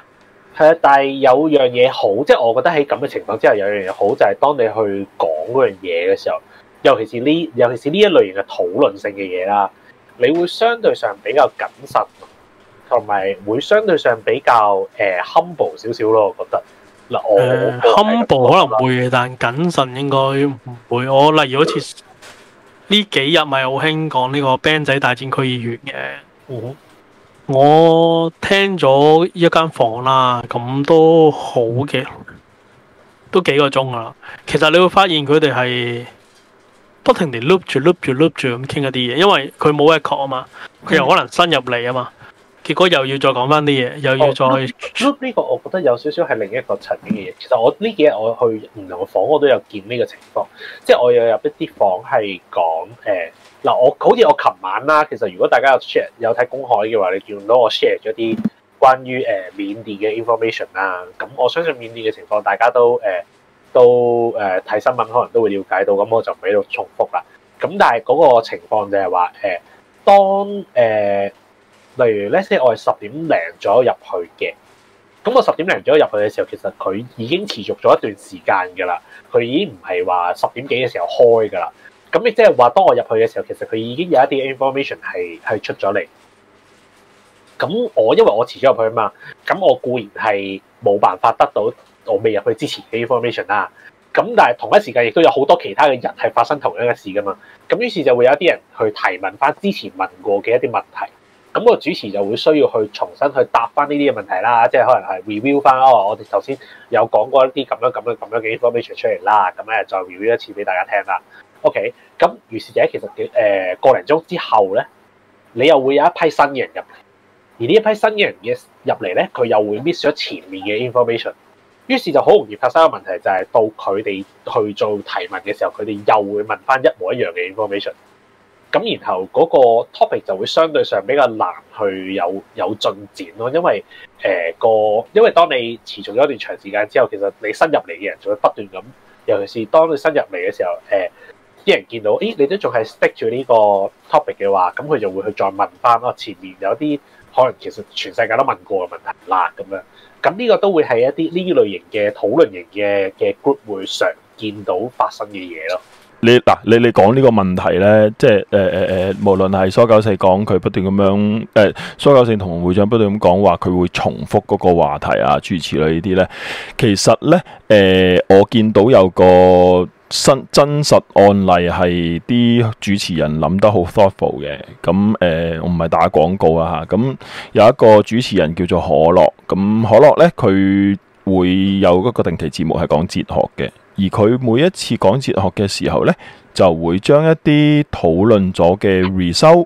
Speaker 1: 係啊，但係有樣嘢好，即係我覺得喺咁嘅情況之下，有樣嘢好就係、是、當你去講嗰樣嘢嘅時候，尤其是呢，尤其是呢一類型嘅討論性嘅嘢啦，你會相對上比較謹慎，同埋會相對上比較誒、呃、humble 少少咯，我覺得。嗱、呃，誒 humble
Speaker 2: 可能會，但謹慎應該唔會。我例如好似呢幾日咪好興講呢個 band 仔大戰區議員嘅。嗯我聽咗一間房啦，咁都好嘅，都幾個鐘噶啦。其實你會發現佢哋係不停地碌住、碌住、碌住咁傾一啲嘢，因為佢冇 e x e 啊嘛，佢又可能新入嚟啊嘛，結果又要再講翻啲嘢，又要再
Speaker 1: 碌呢、哦、個。我覺得有少少係另一個層面嘅嘢。其實我呢幾日我去唔同嘅房，我都有見呢個情況，即係我又有入一啲房係講誒。呃嗱，我好似我琴晚啦，其實如果大家有 share 有睇公海嘅話，你見到我 share 咗啲關於誒緬甸嘅 information 啦，咁我相信緬甸嘅情況大家都誒、呃、都誒睇、呃、新聞可能都會了解到，咁我就唔喺度重複啦。咁但係嗰個情況就係話誒，當誒、呃、例如呢我係十點零左右入去嘅，咁我十點零左右入去嘅時候，其實佢已經持續咗一段時間㗎啦，佢已經唔係話十點幾嘅時候開㗎啦。咁亦即係話，當我入去嘅時候，其實佢已經有一啲 information 係係出咗嚟。咁我因為我遲咗入去啊嘛，咁我固然係冇辦法得到我未入去之前嘅 information 啦。咁但係同一時間亦都有好多其他嘅人係發生同樣嘅事㗎嘛。咁於是就會有一啲人去提問翻之前問過嘅一啲問題，咁個主持就會需要去重新去答翻呢啲嘅問題啦。即係可能係 review 翻哦，我哋頭先有講過一啲咁樣咁樣咁樣嘅 information 出嚟啦，咁咧再 review 一次俾大家聽啦。OK，咁於是咧，其實幾誒個零鐘之後咧，你又會有一批新嘅人入嚟，而呢一批新嘅人嘅入嚟咧，佢又會 miss 咗前面嘅 information，於是就好容易發生一個問題就係、是、到佢哋去做提問嘅時候，佢哋又會問翻一模一樣嘅 information，咁然後嗰個 topic 就會相對上比較難去有有進展咯，因為誒、呃、個因為當你持續咗一段長時間之後，其實你新入嚟嘅人就會不斷咁，尤其是當你新入嚟嘅時候，誒、呃。啲人見到，誒，你都仲係 stick 住呢個 topic 嘅話，咁佢就會去再問翻咯。前面有啲可能其實全世界都問過嘅問題啦，咁樣，咁呢個都會係一啲呢類型嘅討論型嘅嘅 group 會常見到發生嘅嘢咯。
Speaker 4: 你嗱，你你講呢個問題咧，即係誒誒誒，無論係蘇九四講佢不斷咁樣，誒，蘇九四同會長不斷咁講話，佢會重複嗰個話題啊、諸如此類呢啲咧，其實咧，誒，我見到有個。真實案例係啲主持人諗得好 thoughtful 嘅，咁誒、呃，我唔係打廣告啊嚇，咁有一個主持人叫做可樂，咁可樂呢，佢會有一個定期節目係講哲學嘅，而佢每一次講哲學嘅時候呢，就會將一啲討論咗嘅 result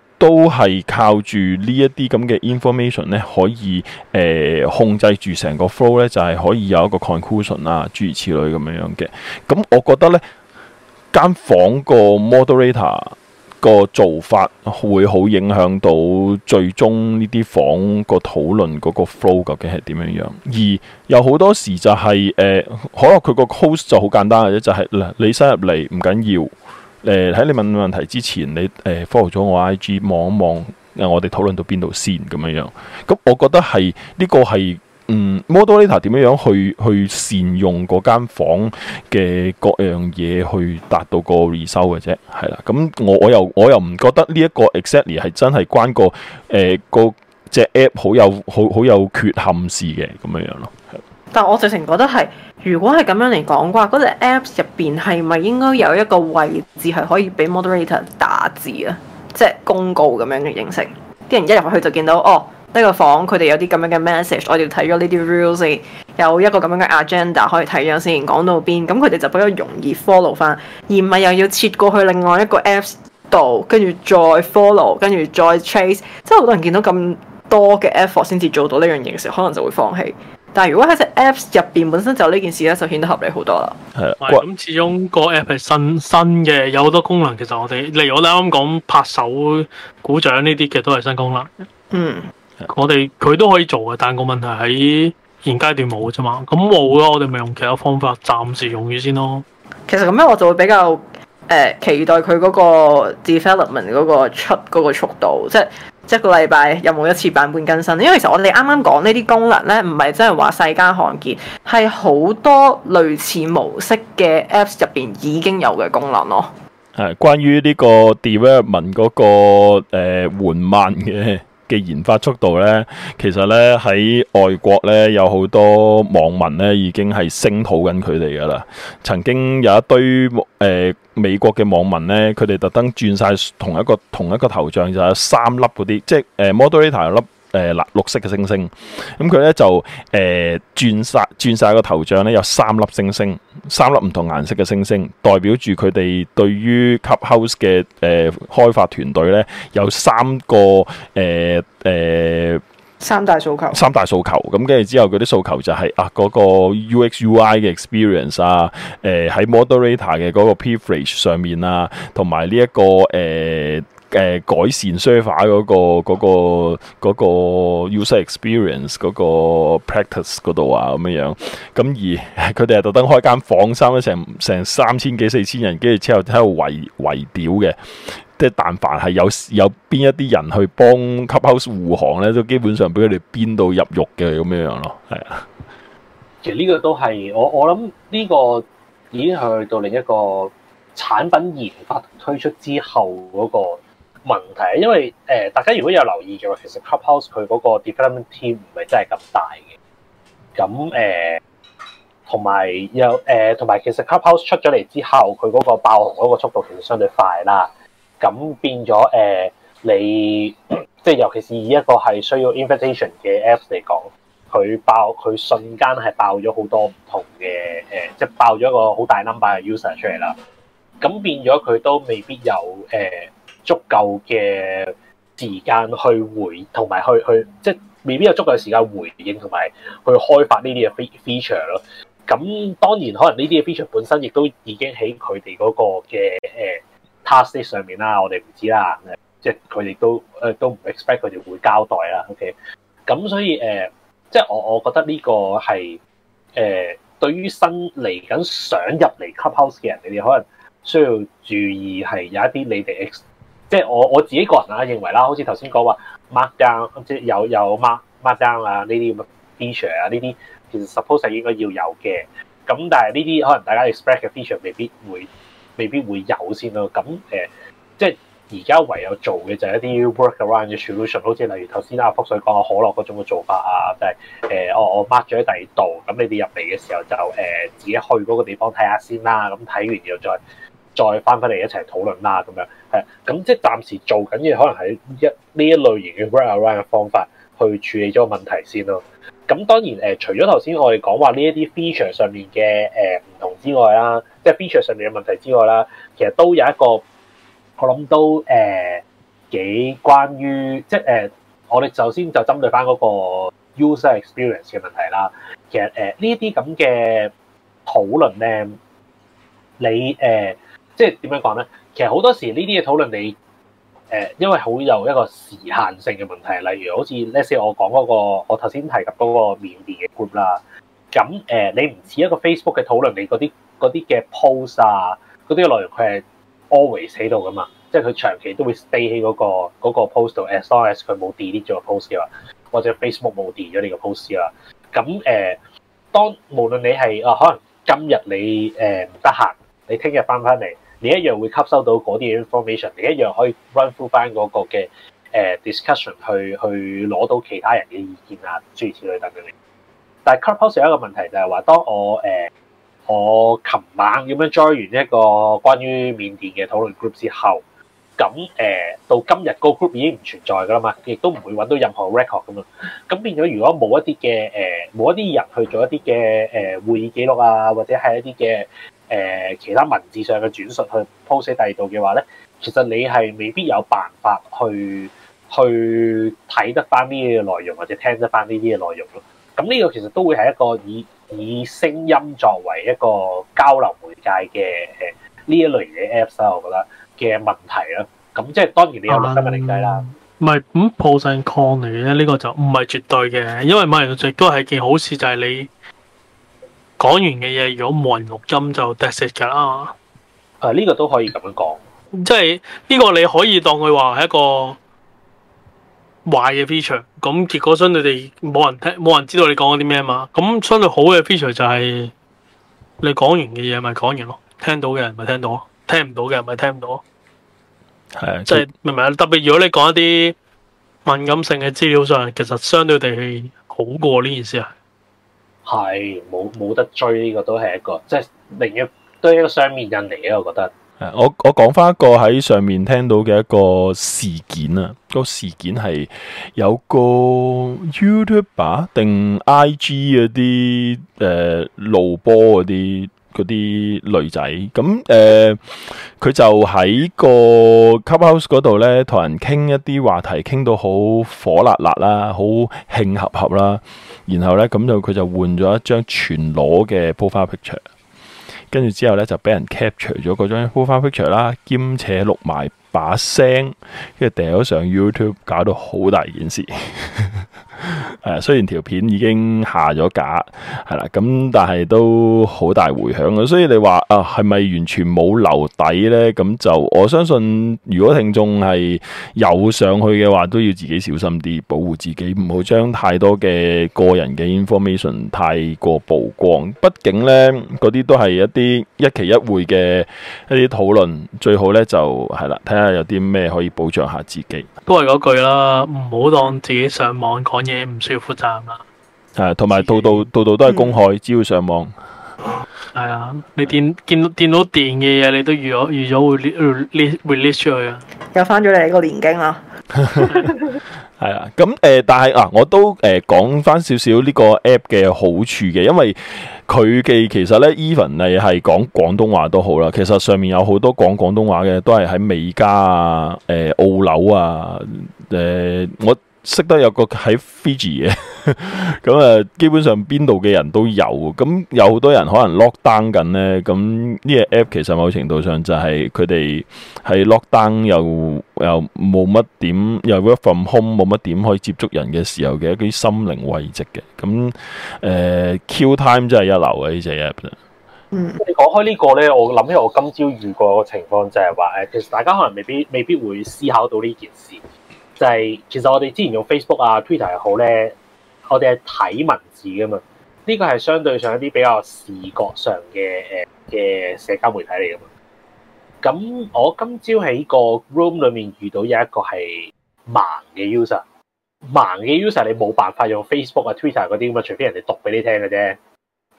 Speaker 4: 都係靠住呢一啲咁嘅 information 咧，可以誒、呃、控制住成個 flow 咧，就係可以有一個 conclusion 啊，諸如此類咁樣樣嘅。咁我覺得咧，間房個 moderator 個做法會好影響到最終呢啲房個討論嗰個 flow 究竟係點樣樣。而有好多時就係、是、誒、呃，可能佢個 host 就好簡單嘅啫，就係、是、嗱，你加入嚟唔緊要。誒喺、呃、你問問題之前，你誒、呃、follow 咗我 IG 望一望，誒我哋討論到邊度先咁樣樣。咁我覺得係呢、呢個係嗯，Modelita 點樣樣去去善用嗰間房嘅各樣嘢去達到個 result 嘅啫，係啦。咁我我又我又唔覺得呢一個 exactly 係真係關個誒、呃、個隻 app 好有好好有缺陷事嘅咁樣樣咯。
Speaker 3: 但我直情覺得係，如果係咁樣嚟講嘅話，嗰隻 Apps 入邊係咪應該有一個位置係可以俾 Moderator 打字啊，即係公告咁樣嘅形式。啲人一入去就見到哦，呢個房佢哋有啲咁樣嘅 message，我哋睇咗呢啲 rules，有一個咁樣嘅 agenda 可以睇咗先，講到邊，咁佢哋就比較容易 follow 翻，而唔係又要切過去另外一個 Apps 度，跟住再 follow，跟住再 chase。即係好多人見到咁多嘅 effort 先至做到呢樣嘢嘅時候，可能就會放棄。但係如果喺隻 apps 入邊本身就呢件事咧，就顯得合理好多啦。
Speaker 2: 係咁的，始終個 app 係新新嘅，有好多功能。其實我哋例如我哋啱啱講拍手、鼓掌呢啲，其實都係新功能。嗯，我哋佢都可以做嘅，但係個問題喺現階段冇啫嘛。咁冇咯，我哋咪用其他方法暫時用住先咯。
Speaker 3: 其實咁樣我就會比較誒、呃、期待佢嗰個 development 嗰個出嗰個速度，即係。一個禮拜有冇一次版本更新？因為其實我哋啱啱講呢啲功能咧，唔係真係話世間罕見，係好多類似模式嘅 Apps 入邊已經有嘅功能咯。
Speaker 4: 係關於呢個 development 嗰個、那個誒、呃、緩慢嘅嘅研發速度咧，其實咧喺外國咧有好多網民咧已經係聲討緊佢哋噶啦。曾經有一堆誒、呃、美國嘅網民咧，佢哋特登轉晒同一個同一個頭像，就係、有三粒嗰啲，即係誒 Modulator 粒。呃誒，嗱、呃、綠色嘅星星，咁佢咧就誒轉晒轉晒個頭像咧，有三粒星星，三粒唔同顏色嘅星星，代表住佢哋對於 Clubhouse 嘅誒、呃、開發團隊咧有三個誒誒。呃呃
Speaker 3: 三大訴求，
Speaker 4: 三大訴求咁，跟住之後嗰啲訴求就係、是、啊，嗰、那個 UXUI 嘅 experience 啊，誒、呃、喺 moderator 嘅嗰個 privilege 上面啊，同埋呢一個誒誒、呃呃、改善 server、那個嗰、那個那個 user experience 嗰個 practice 嗰度啊，咁樣樣，咁而佢哋係特登開間房，收咗成成三千幾四千人，跟住之後喺度圍圍屌嘅。即係，但凡係有有邊一啲人去幫 Clubhouse 護航咧，都基本上俾佢哋邊度入獄嘅咁樣樣咯。係啊，
Speaker 1: 其實呢個都係我我諗呢個已經去到另一個產品研發推出之後嗰個問題，因為誒、呃、大家如果有留意嘅話，其實 Clubhouse 佢嗰個 development team 唔係真係咁大嘅。咁誒同埋又誒，同、呃、埋、呃、其實 Clubhouse 出咗嚟之後，佢嗰個爆紅嗰個速度其實相對快啦。咁變咗誒、呃，你即係尤其是以一個係需要 invitation 嘅 app 嚟講，佢爆佢瞬間係爆咗好多唔同嘅誒、呃，即係爆咗一個好大 number 嘅 user 出嚟啦。咁變咗佢都未必有誒、呃、足夠嘅時間去回同埋去去，即係未必有足夠嘅時間回應同埋去開發呢啲嘅 feature 咯。咁當然可能呢啲嘅 feature 本身亦都已經喺佢哋嗰個嘅誒。呃 task 上面啦，我哋唔知啦，即係佢哋都誒都唔 expect 佢哋會交代啦。OK，咁所以誒、呃，即係我我覺得呢個係誒、呃、對於新嚟緊想入嚟 clubhouse 嘅人，你哋可能需要注意係有一啲你哋即係我我自己個人啊認為啦，好似頭先講話 mark down 即係有有 mark mark down 啊呢啲 feature 啊呢啲，其實 suppose 係應該要有嘅。咁但係呢啲可能大家 expect 嘅 feature 未必會。未必會有先咯、啊，咁誒、呃，即係而家唯有做嘅就係一啲 workaround 嘅 solution，好似例如頭先阿福水講嘅可樂嗰種嘅做法啊，就係誒，我我 mark 咗喺第二度，咁你哋入嚟嘅時候就誒、呃、自己去嗰個地方睇下先啦、啊，咁睇完又再再返返嚟一齊討論啦、啊，咁樣係咁即係暫時做緊嘅可能係一呢一類型嘅 workaround 嘅方法去處理咗個問題先咯、啊。咁當然誒，除咗頭先我哋講話呢一啲 feature 上面嘅誒唔同之外啦，即係 feature 上面嘅問題之外啦，其實都有一個我諗都誒幾關於即係誒，我哋、呃呃、首先就針對翻嗰個 user experience 嘅問題啦。其實誒、呃、呢啲咁嘅討論咧，你誒、呃、即係點樣講咧？其實好多時呢啲嘅討論你。誒，因為好有一個時限性嘅問題，例如好似 Leslie 我講嗰、嗰個，我頭先提及嗰個緬甸嘅 group 啦。咁、呃、誒，你唔似一個 Facebook 嘅討論，你嗰啲嗰啲嘅 post 啊，嗰啲內容佢係 always 喺度噶嘛，即係佢長期都會 stay 喺嗰、嗰個那個 post 度，as long as 佢冇 delete 咗個 post 啊，或者 Facebook 冇 delete 咗你個 post 啦。咁誒、呃，當無論你係啊，可能今日你誒唔得閒，你聽日翻返嚟。你一樣會吸收到嗰啲 information，你一樣可以 run through 翻嗰個嘅誒 discussion 去去攞到其他人嘅意見啊、諸如此類等等。但係 Clubhouse 有一個問題就係話，當我誒、呃、我琴晚咁樣 join 完一個關於緬甸嘅討論 group 之後，咁誒、呃、到今日個 group 已經唔存在㗎啦嘛，亦都唔會揾到任何 record 咁樣。咁變咗，如果冇一啲嘅誒，冇、呃、一啲人去做一啲嘅誒會議記錄啊，或者係一啲嘅。誒其他文字上嘅轉述去 po 寫第二度嘅話咧，其實你係未必有辦法去去睇得翻呢啲嘅內容，或者聽得翻呢啲嘅內容咯。咁呢個其實都會係一個以以聲音作為一個交流媒介嘅誒呢一類嘅
Speaker 2: apps 啦、啊，我覺得嘅問題咯。咁即係當然你有良心嘅零雞啦。唔係咁 percent 呢個就唔係絕對嘅，因為某程度上都係件好事，就係你。講完嘅嘢，如果冇人錄音就 delete 咗噶啦。誒、啊，呢、這個都可以咁樣講，即係呢、這個你可以當佢話係一個壞嘅 feature。咁結果相對地冇人聽，冇人知道你講咗啲咩嘛。咁相對好嘅 feature 就係、是、你講完嘅嘢咪講完咯，聽到嘅人咪聽到咯，聽唔到嘅人咪聽唔到咯。係的即係明唔明啊？特別如果你講一啲敏感性嘅資料上，其實相對地係好過呢件事啊。
Speaker 1: 係冇冇得追呢、這個都係一個即係寧願都係一個雙面人嚟嘅，我覺得。
Speaker 4: 誒，我我講翻一個喺上面聽到嘅一個事件啊，個事件係有個 YouTuber 定 IG 嗰啲誒路播嗰啲。呃嗰啲女仔咁誒佢就喺個 clubhouse 度咧，同人傾一啲話題傾到好火辣辣啦，好慶合合啦，然後咧咁就佢就換咗一張全裸嘅 profile picture，跟住之後咧就俾人 capture 咗張張 profile picture 啦，兼且錄埋。把聲跟住掉咗上 YouTube，搞到好大件事、 [laughs] 啊。雖然條片已經下咗架，係啦，咁但係都好大迴響嘅。所以你話啊，係咪完全冇留底咧？咁就我相信，如果聽眾係有上去嘅話都要自己小心啲，保護自己，唔好將太多嘅個人嘅 information 太過曝光。畢竟咧，嗰啲都係一啲一期一會嘅一啲討論，最好咧就係啦，睇下。看看有啲咩可以保障下自己？
Speaker 2: 都係嗰句啦，唔好當自己上網講嘢唔需要負責任啦。
Speaker 4: 係、啊，同埋度度度度都係公開，嗯、只要上網。
Speaker 3: 係啊，
Speaker 2: 你電見到電腦電嘅嘢，你都預咗預咗會列列會列出去啊？
Speaker 3: 又翻咗你個年經啊。
Speaker 4: 係啊，咁誒，但係啊，我都誒講翻少少呢個 app 嘅好處嘅，因為。佢嘅其實咧，even 係講廣東話都好啦。其實上面有好多講廣東話嘅，都係喺美加啊、誒、呃、澳紐啊、誒、呃、我，識得有個喺 Fiji 嘅，咁啊，基本上邊度嘅人都有。咁有好多人可能 lock down 緊呢。咁呢隻 app 其實某程度上就係佢哋喺 lock down 又又冇乜點，又 work from home 冇乜點可以接觸人嘅時候嘅一啲心靈慰藉嘅。咁誒、呃、Q time 真係一流嘅呢隻 app。嗯、
Speaker 1: 你講開呢、呢個呢，我諗起我今朝遇過嘅情況就係、係、話，誒其實大家可能未必未必會思考到呢件事。就係、是、其實我哋之前用 Facebook 啊、Twitter 又好咧，我哋係睇文字噶嘛，呢、這個係相對上一啲比較視覺上嘅誒嘅社交媒體嚟噶嘛。咁我今朝喺個 room 裏面遇到有一個係盲嘅 user，盲嘅 user 你冇辦法用 Facebook 啊、Twitter 嗰啲咁啊，除非人哋讀俾你聽嘅啫。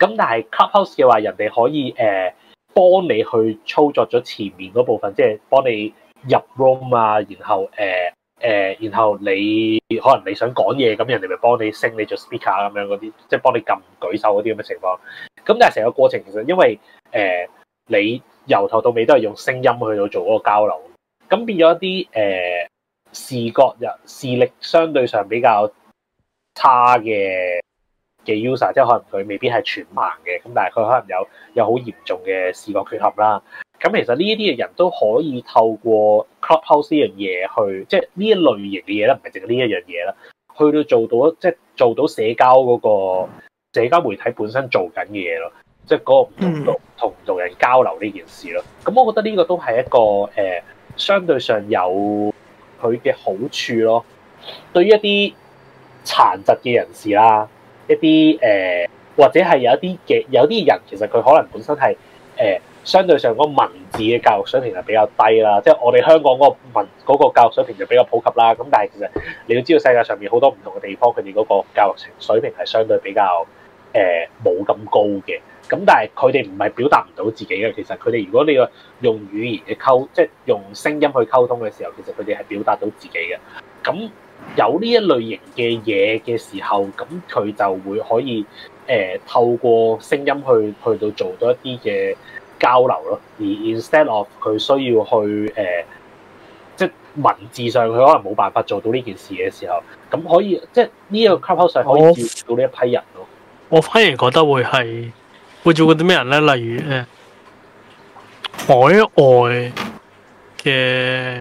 Speaker 1: 咁但係 Clubhouse 嘅話，人哋可以誒幫、呃、你去操作咗前面嗰部分，即係幫你入 room 啊，然後誒。呃誒，然後你可能你想講嘢，咁人哋咪幫你升你做 speaker 咁樣嗰啲，即係幫你撳舉手嗰啲咁嘅情況。咁但係成個過程其實因為誒、呃，你由頭到尾都係用聲音去到做嗰個交流。咁變咗一啲誒、呃、視覺日視力相對上比較差嘅嘅 user，即係可能佢未必係全盲嘅，咁但係佢可能有有好嚴重嘅視覺缺陷啦。咁其實呢一啲嘅人都可以透過。呢樣嘢去，即係呢一類型嘅嘢咧，唔係淨係呢一樣嘢啦。去到做到即係做到社交嗰、嗰個社交媒體本身做緊嘅嘢咯，即係嗰個唔同、嗯、同唔同人交流呢件事咯。咁我覺得呢個都係一個誒、呃，相對上有佢嘅好處咯。對於一啲殘疾嘅人士啦，一啲誒、呃、或者係有一啲嘅有啲人，其實佢可能本身係誒。呃相對上嗰文字嘅教育水平係比較低啦，即係我哋香港嗰文嗰個教育水平就比較普及啦。咁但係其實你要知道世界上面好多唔同嘅地方，佢哋嗰個教育水平係相對比較誒冇咁高嘅。咁但係佢哋唔係表達唔到自己嘅。其實佢哋如果你要用語言去溝，即係用聲音去溝通嘅時候，其實佢哋係表達到自己嘅。咁有呢一類型嘅嘢嘅時候，咁佢就會可以誒、呃、透過聲音去去到做多一啲嘅。交流咯，而 instead of 佢需要去誒、呃，即係文字上佢可能冇辦法做到呢件事嘅時候，
Speaker 2: 咁可以即係呢個 clubhouse 係可以接到呢一批人咯。我反而覺得會係會做嗰啲咩人咧？例如誒、呃，海外嘅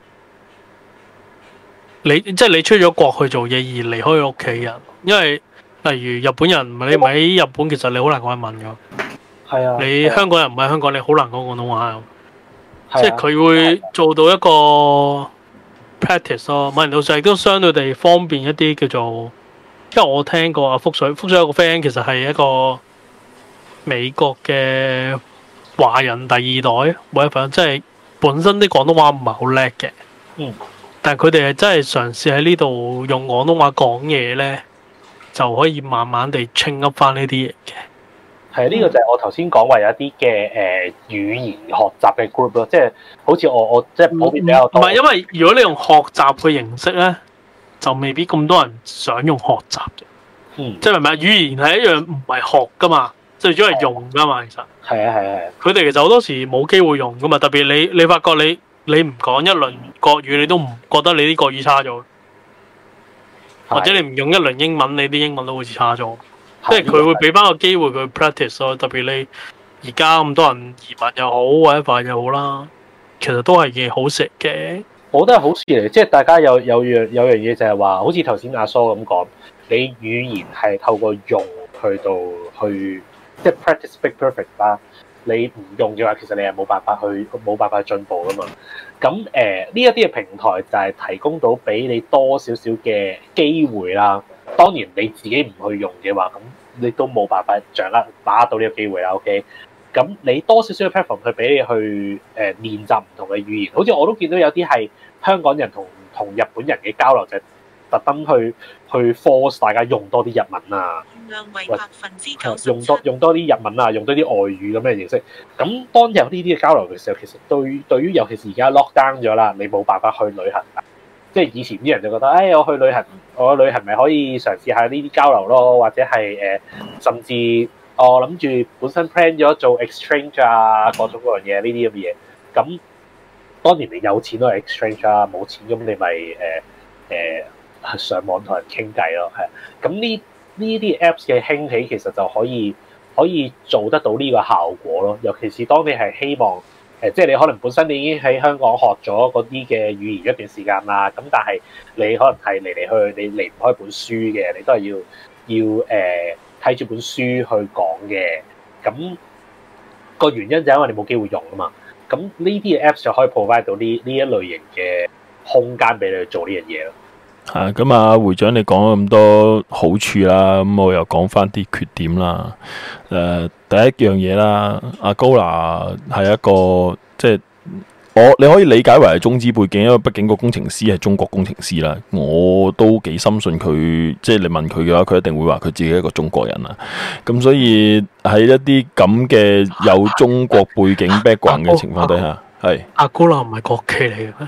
Speaker 2: 你，即係你出咗國去做嘢而離開屋企人，因為例如日本人，你喺日本其實你好難講問㗎。你香港人唔喺香港，你好難講廣東話。的即係佢會做到一個 practice 咯，萬人老世都相對地方便一啲叫做，因為我聽過啊福，福水福水有個 friend 其實係一個美國嘅華人第二代，位朋友即係本身啲廣東話唔係好叻嘅。嗯。但係佢哋係真係嘗試喺呢度用廣東話講嘢呢，就可以慢慢地清噏返呢啲嘢嘅。
Speaker 1: 係啊，嗯，呢個就係我頭先講話有一啲嘅誒語言學習嘅 group 咯，即係好似我我即係普遍
Speaker 2: 比較多、嗯。唔係，因為如果你用學習嘅形式咧，就未必咁多人想用學習嘅。嗯。即係明唔明啊？語言係一樣唔係學噶嘛，最主要係用噶嘛，是其實。係啊係啊係啊！佢哋其實好多時冇機會用噶嘛，特別你你發覺你你唔講一輪國語，你都唔覺得你啲國語差咗；是或者你唔用一輪英文，你啲英文都好似差咗。即係佢會俾翻個機會佢 practice 咯，特別你而家咁多人移民又好，或者塊又好啦，其實都係嘢好食嘅。
Speaker 1: 我覺得係好事嚟。即係大家有有樣有樣嘢就係話，好似頭先阿蘇咁講，你語言係透過用去到去即係 practice make perfect 啦。你唔用嘅話，其實你係冇辦法去冇辦法進步㗎嘛。咁誒呢一啲嘅平台就係提供到俾你多少少嘅機會啦。當然你自己唔去用嘅話，咁你都冇辦法掌握把握到呢個機會啦。OK，咁你多少少嘅 platform 去俾你去誒練習唔同嘅語言，好似我都見到有啲係香港人同同日本人嘅交流就特登去去 force 大家用多啲日文啊，用多用多啲日文啊，用多啲外語咁嘅形式。咁當有呢啲嘅交流嘅時候，其實對對於尤其是而家 lock down 咗啦，你冇辦法去旅行。即係以前啲人就覺得，誒、哎，我去旅行，我去旅行咪可以嘗試下呢啲交流咯，或者係誒、呃，甚至我諗住本身 plan 咗做 exchange 啊，各種各樣嘢呢啲咁嘅嘢。咁當年你有錢都係 exchange 啊，冇錢咁你咪誒誒上網同人傾偈咯，係。咁呢呢啲 apps 嘅興起其實就可以可以做得到呢個效果咯，尤其是當你係希望。誒，即係你可能本身你已經喺香港學咗嗰啲嘅語言一段時間啦，咁但係你可能係嚟嚟去去，你離唔開本書嘅，你都係要要誒睇住本書去講嘅，咁個原因就因為你冇機會用啊嘛，咁呢啲 Apps 就可以 provide 到呢呢一類型嘅空間俾你去做呢樣嘢咯。
Speaker 4: 啊，咁啊，會長你講咗咁多好處啦，咁我又講翻啲缺點啦。誒、uh,，第一樣嘢啦，阿高娜係一個即係、就是、我你可以理解為係中資背景，因為畢竟個工程師係中國工程師啦。我都幾深信佢，即、就、係、是、你問佢嘅話，佢一定會話佢自己係一個中國人啊。咁所以喺一啲咁嘅有中國背景 background 嘅情況底下，係阿高
Speaker 2: 娜唔係國企嚟嘅咩？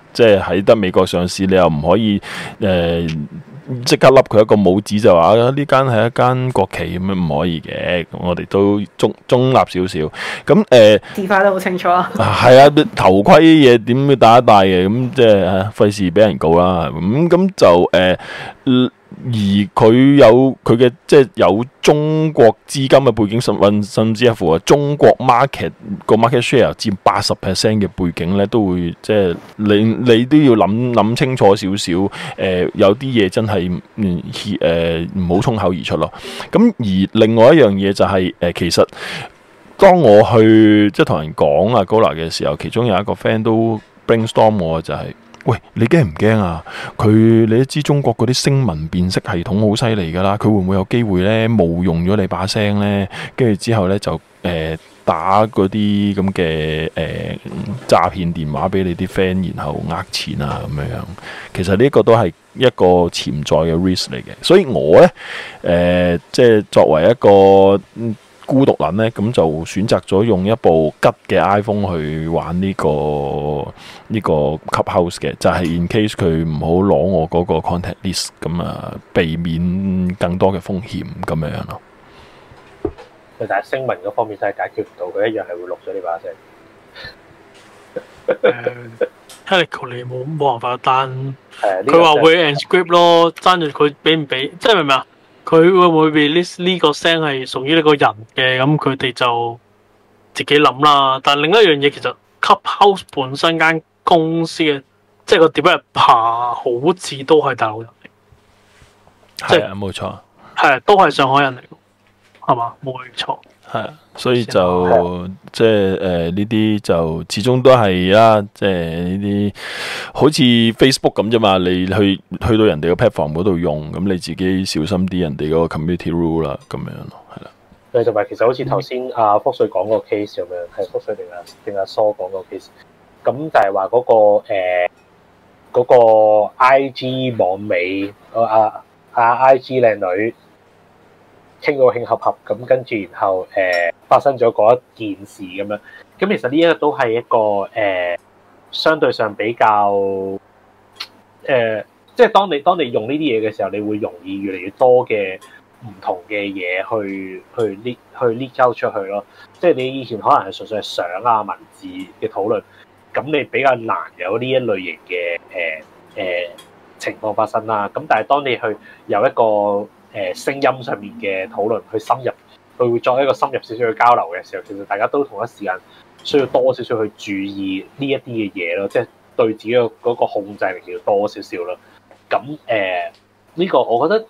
Speaker 4: 即係喺得美國上市，你又唔可以誒即刻笠佢一個帽子就話呢間係一間國企咁樣唔可以嘅，我哋都中中立少少。咁誒，睇翻得
Speaker 3: 好清楚，啊
Speaker 4: [laughs] 啊。係啊，頭盔嘢點打一戴嘅，咁即係嚇費事俾人告啦，啊。咁咁就誒。呃呃而佢有佢嘅即係有中國資金嘅背景，甚甚至乎啊，中國 market 個 market share 佔八十 percent 嘅背景咧，都會即係你你都要諗諗清楚少少。誒、呃，有啲嘢真係唔誒，唔、嗯呃、好衝口而出咯。咁而另外一樣嘢就係、是、誒、呃，其實當我去即係同人講啊，高娜嘅時候，其中有一個 friend 都 brainstorm 我就係、是。喂，你驚唔驚啊？佢你都知中國嗰啲聲紋辨識系統好犀利噶啦，佢會唔會有機會咧冒用咗你把聲咧？跟住之後咧就誒、呃、打嗰啲咁嘅誒詐騙電話俾你啲 friend，然後呃錢啊咁樣樣。其實呢個都係一個潛在嘅 risk 嚟嘅，所以我咧誒、呃、即係作為一個，嗯孤獨人咧，咁就選擇咗用一部吉嘅 iPhone 去玩呢、呢個呢、呢個 Clubhouse 嘅，就係、是、in case 佢唔好攞我嗰個 contact list，咁啊，避免更多嘅風險咁樣樣
Speaker 1: 咯。但係聲紋嗰方面真係解決唔到，佢一樣
Speaker 2: 係會錄咗呢把聲。Hello 你冇冇辦法單？佢話會 encrypt 咯，爭住佢俾唔俾？即係明唔明啊？佢會唔會 release 呢個聲係屬於呢個人嘅？咁佢哋就自己諗啦。但另一樣嘢其實 Clubhouse 本身間公司嘅，即係個點樣去爬，好似都係大陸人嚟，
Speaker 4: 係啊，冇、就是、錯，
Speaker 2: 係、啊、都係上海人嚟，係嘛、嗯？冇錯，係啊。
Speaker 4: 所以就即係誒呢啲就始終都係啊，即係呢啲好似 Facebook 咁啫嘛，你去去到人哋個 platform 度用，咁你自己小心啲人哋嗰個 committee rule 啦，咁樣咯，係啦。
Speaker 1: 誒，同埋其實好似頭先阿福瑞講個 case 咁樣，係福瑞定啊定阿疏講個 case，咁就係話嗰個誒嗰個 IG 網美啊阿阿 IG 靚女。傾到興合合咁，跟住然後誒、呃、發生咗嗰一件事咁樣。咁其實呢一個都係一個誒，相對上比較誒、呃，即係當你當你用呢啲嘢嘅時候，你會容易越嚟越多嘅唔同嘅嘢去去呢去呢交出去咯。即係你以前可能係純粹係想啊文字嘅討論，咁、嗯、你比較難有呢一類型嘅誒誒情況發生啦。咁但係當你去有一個誒聲音上面嘅討論，去深入，佢會作一個深入少少嘅交流嘅時候，其實大家都同一時間需要多少少去注意呢一啲嘅嘢咯，即係對自己嘅個控制力要多少少咯。咁誒呢個我覺得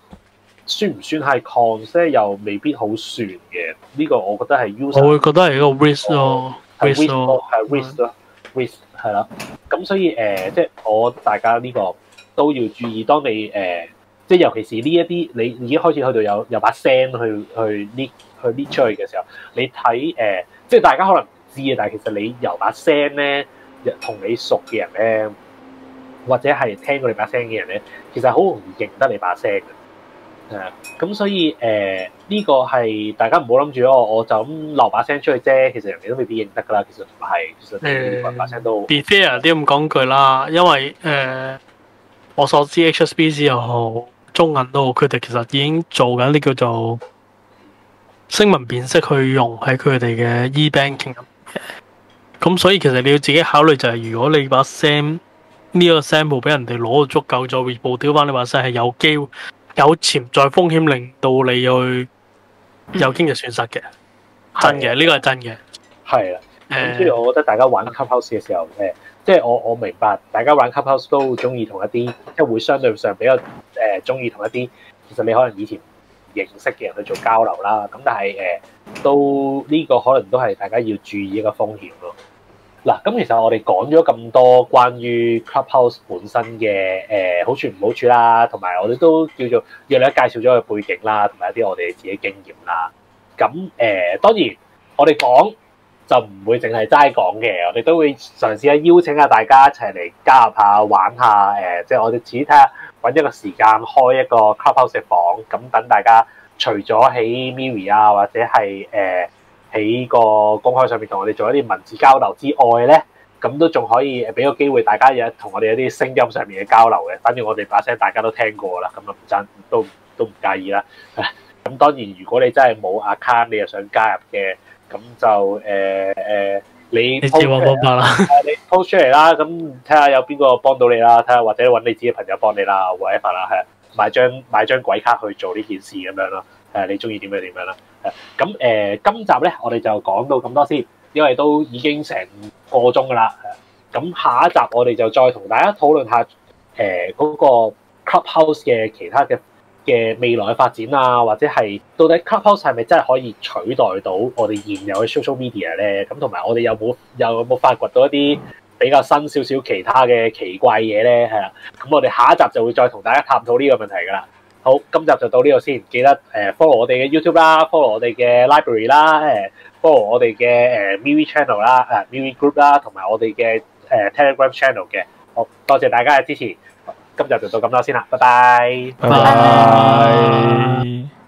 Speaker 1: 算唔算係 cons 咧？又未必好算嘅。呢、這個我覺得係 user。我會
Speaker 2: 覺得係一個 risk 咯，risk
Speaker 1: 咯，risk 咯，risk 係啦。咁、mm hmm. 所以誒、呃，即係我大家呢、這個都要注意，當你誒。呃即尤其是呢一啲，你已經開始去到有有把聲去去搣去搣出去嘅時候，你睇誒、呃，即係大家可能唔知嘅，但係其實你由把聲咧，同你熟嘅人咧，或者係聽過你把聲嘅人咧，其實好容易認得你把聲嘅。係、啊、咁所以誒，呢、呃這個係大家唔好諗住哦，我就咁留把聲出去啫。其實人哋都未必認得㗎啦。其實唔係，其實啲把
Speaker 2: 聲都。好、欸。Be fair 啲咁講句啦，因為誒、呃、我所知 HSBC 又好。中銀都好，佢哋其實已經做緊啲叫做聲紋辨識去用喺佢哋嘅 eBanking 咁所以其實你要自己考慮就係、是，如果你把 s a m 呢個 sample 俾人哋攞到足夠咗，全部丟翻，你話曬係有機會有潛在風險，令到你去有經濟損失嘅。嗯、真嘅，呢個係真嘅。
Speaker 1: 係啊，誒，
Speaker 2: 所以
Speaker 1: 我覺得大家玩 house 嘅時候咧。即係我我明白，大家玩 clubhouse 都中意同一啲，即係會相對上比較誒中意同一啲，其實你可能以前認識嘅人去做交流啦。咁但係誒、呃、都呢、這個可能都係大家要注意一個風險咯。嗱，咁、嗯、其實我哋講咗咁多關於 clubhouse 本身嘅誒、呃、好處唔好處啦，同埋我哋都叫做弱弱介紹咗個背景啦，同埋一啲我哋自己經驗啦。咁、嗯、誒、呃、當然我哋講。就唔會淨係齋講嘅，我哋都會嘗試下邀請下大家一齊嚟加入下玩下誒，即係我哋試睇下揾一個時間開一個 clubhouse 房，咁等大家除咗喺 Miri 啊或者係誒喺個公開上面同我哋做一啲文字交流之外咧，咁都仲可以俾個機會大家有同我哋有啲聲音上面嘅交流嘅，反正我哋把聲大家都聽過啦，咁啊唔爭都都唔介意啦。咁當然如果你真係冇 account 你又想加入嘅。咁就誒誒、呃呃，你 post，你自我幫襯啦，你 post 出嚟啦，咁睇下有邊個幫到你啦，睇下或者揾你自己朋友幫你啦，whatever 啦，係買張買張鬼卡去做呢件事咁樣咯，係、啊、你中意點樣點樣啦，咁誒、嗯呃、今集咧我哋就講到咁多先，因為都已經成個鐘噶啦，咁、嗯、下一集我哋就再同大家討論下誒嗰、呃嗰個 clubhouse 嘅其他嘅。嘅未來嘅發展啊，或者係到底 Clubhouse 係咪真係可以取代到我哋現有嘅 social media 咧？咁同埋我哋有冇有冇發掘到一啲比較新少少其他嘅奇怪嘢咧？係啦，咁我哋下一集就會再同大家探討呢個問題㗎啦。好，今集就到呢度先，記得誒 follow 我哋嘅 YouTube 啦，follow 我哋嘅 Library 啦，誒 follow 我哋嘅誒 MeWe Channel 啦，誒 MeWe Group 啦，同埋我哋嘅誒 Telegram Channel 嘅。好，多謝大家嘅支持。今日就到咁多先啦，拜拜，
Speaker 2: 拜拜。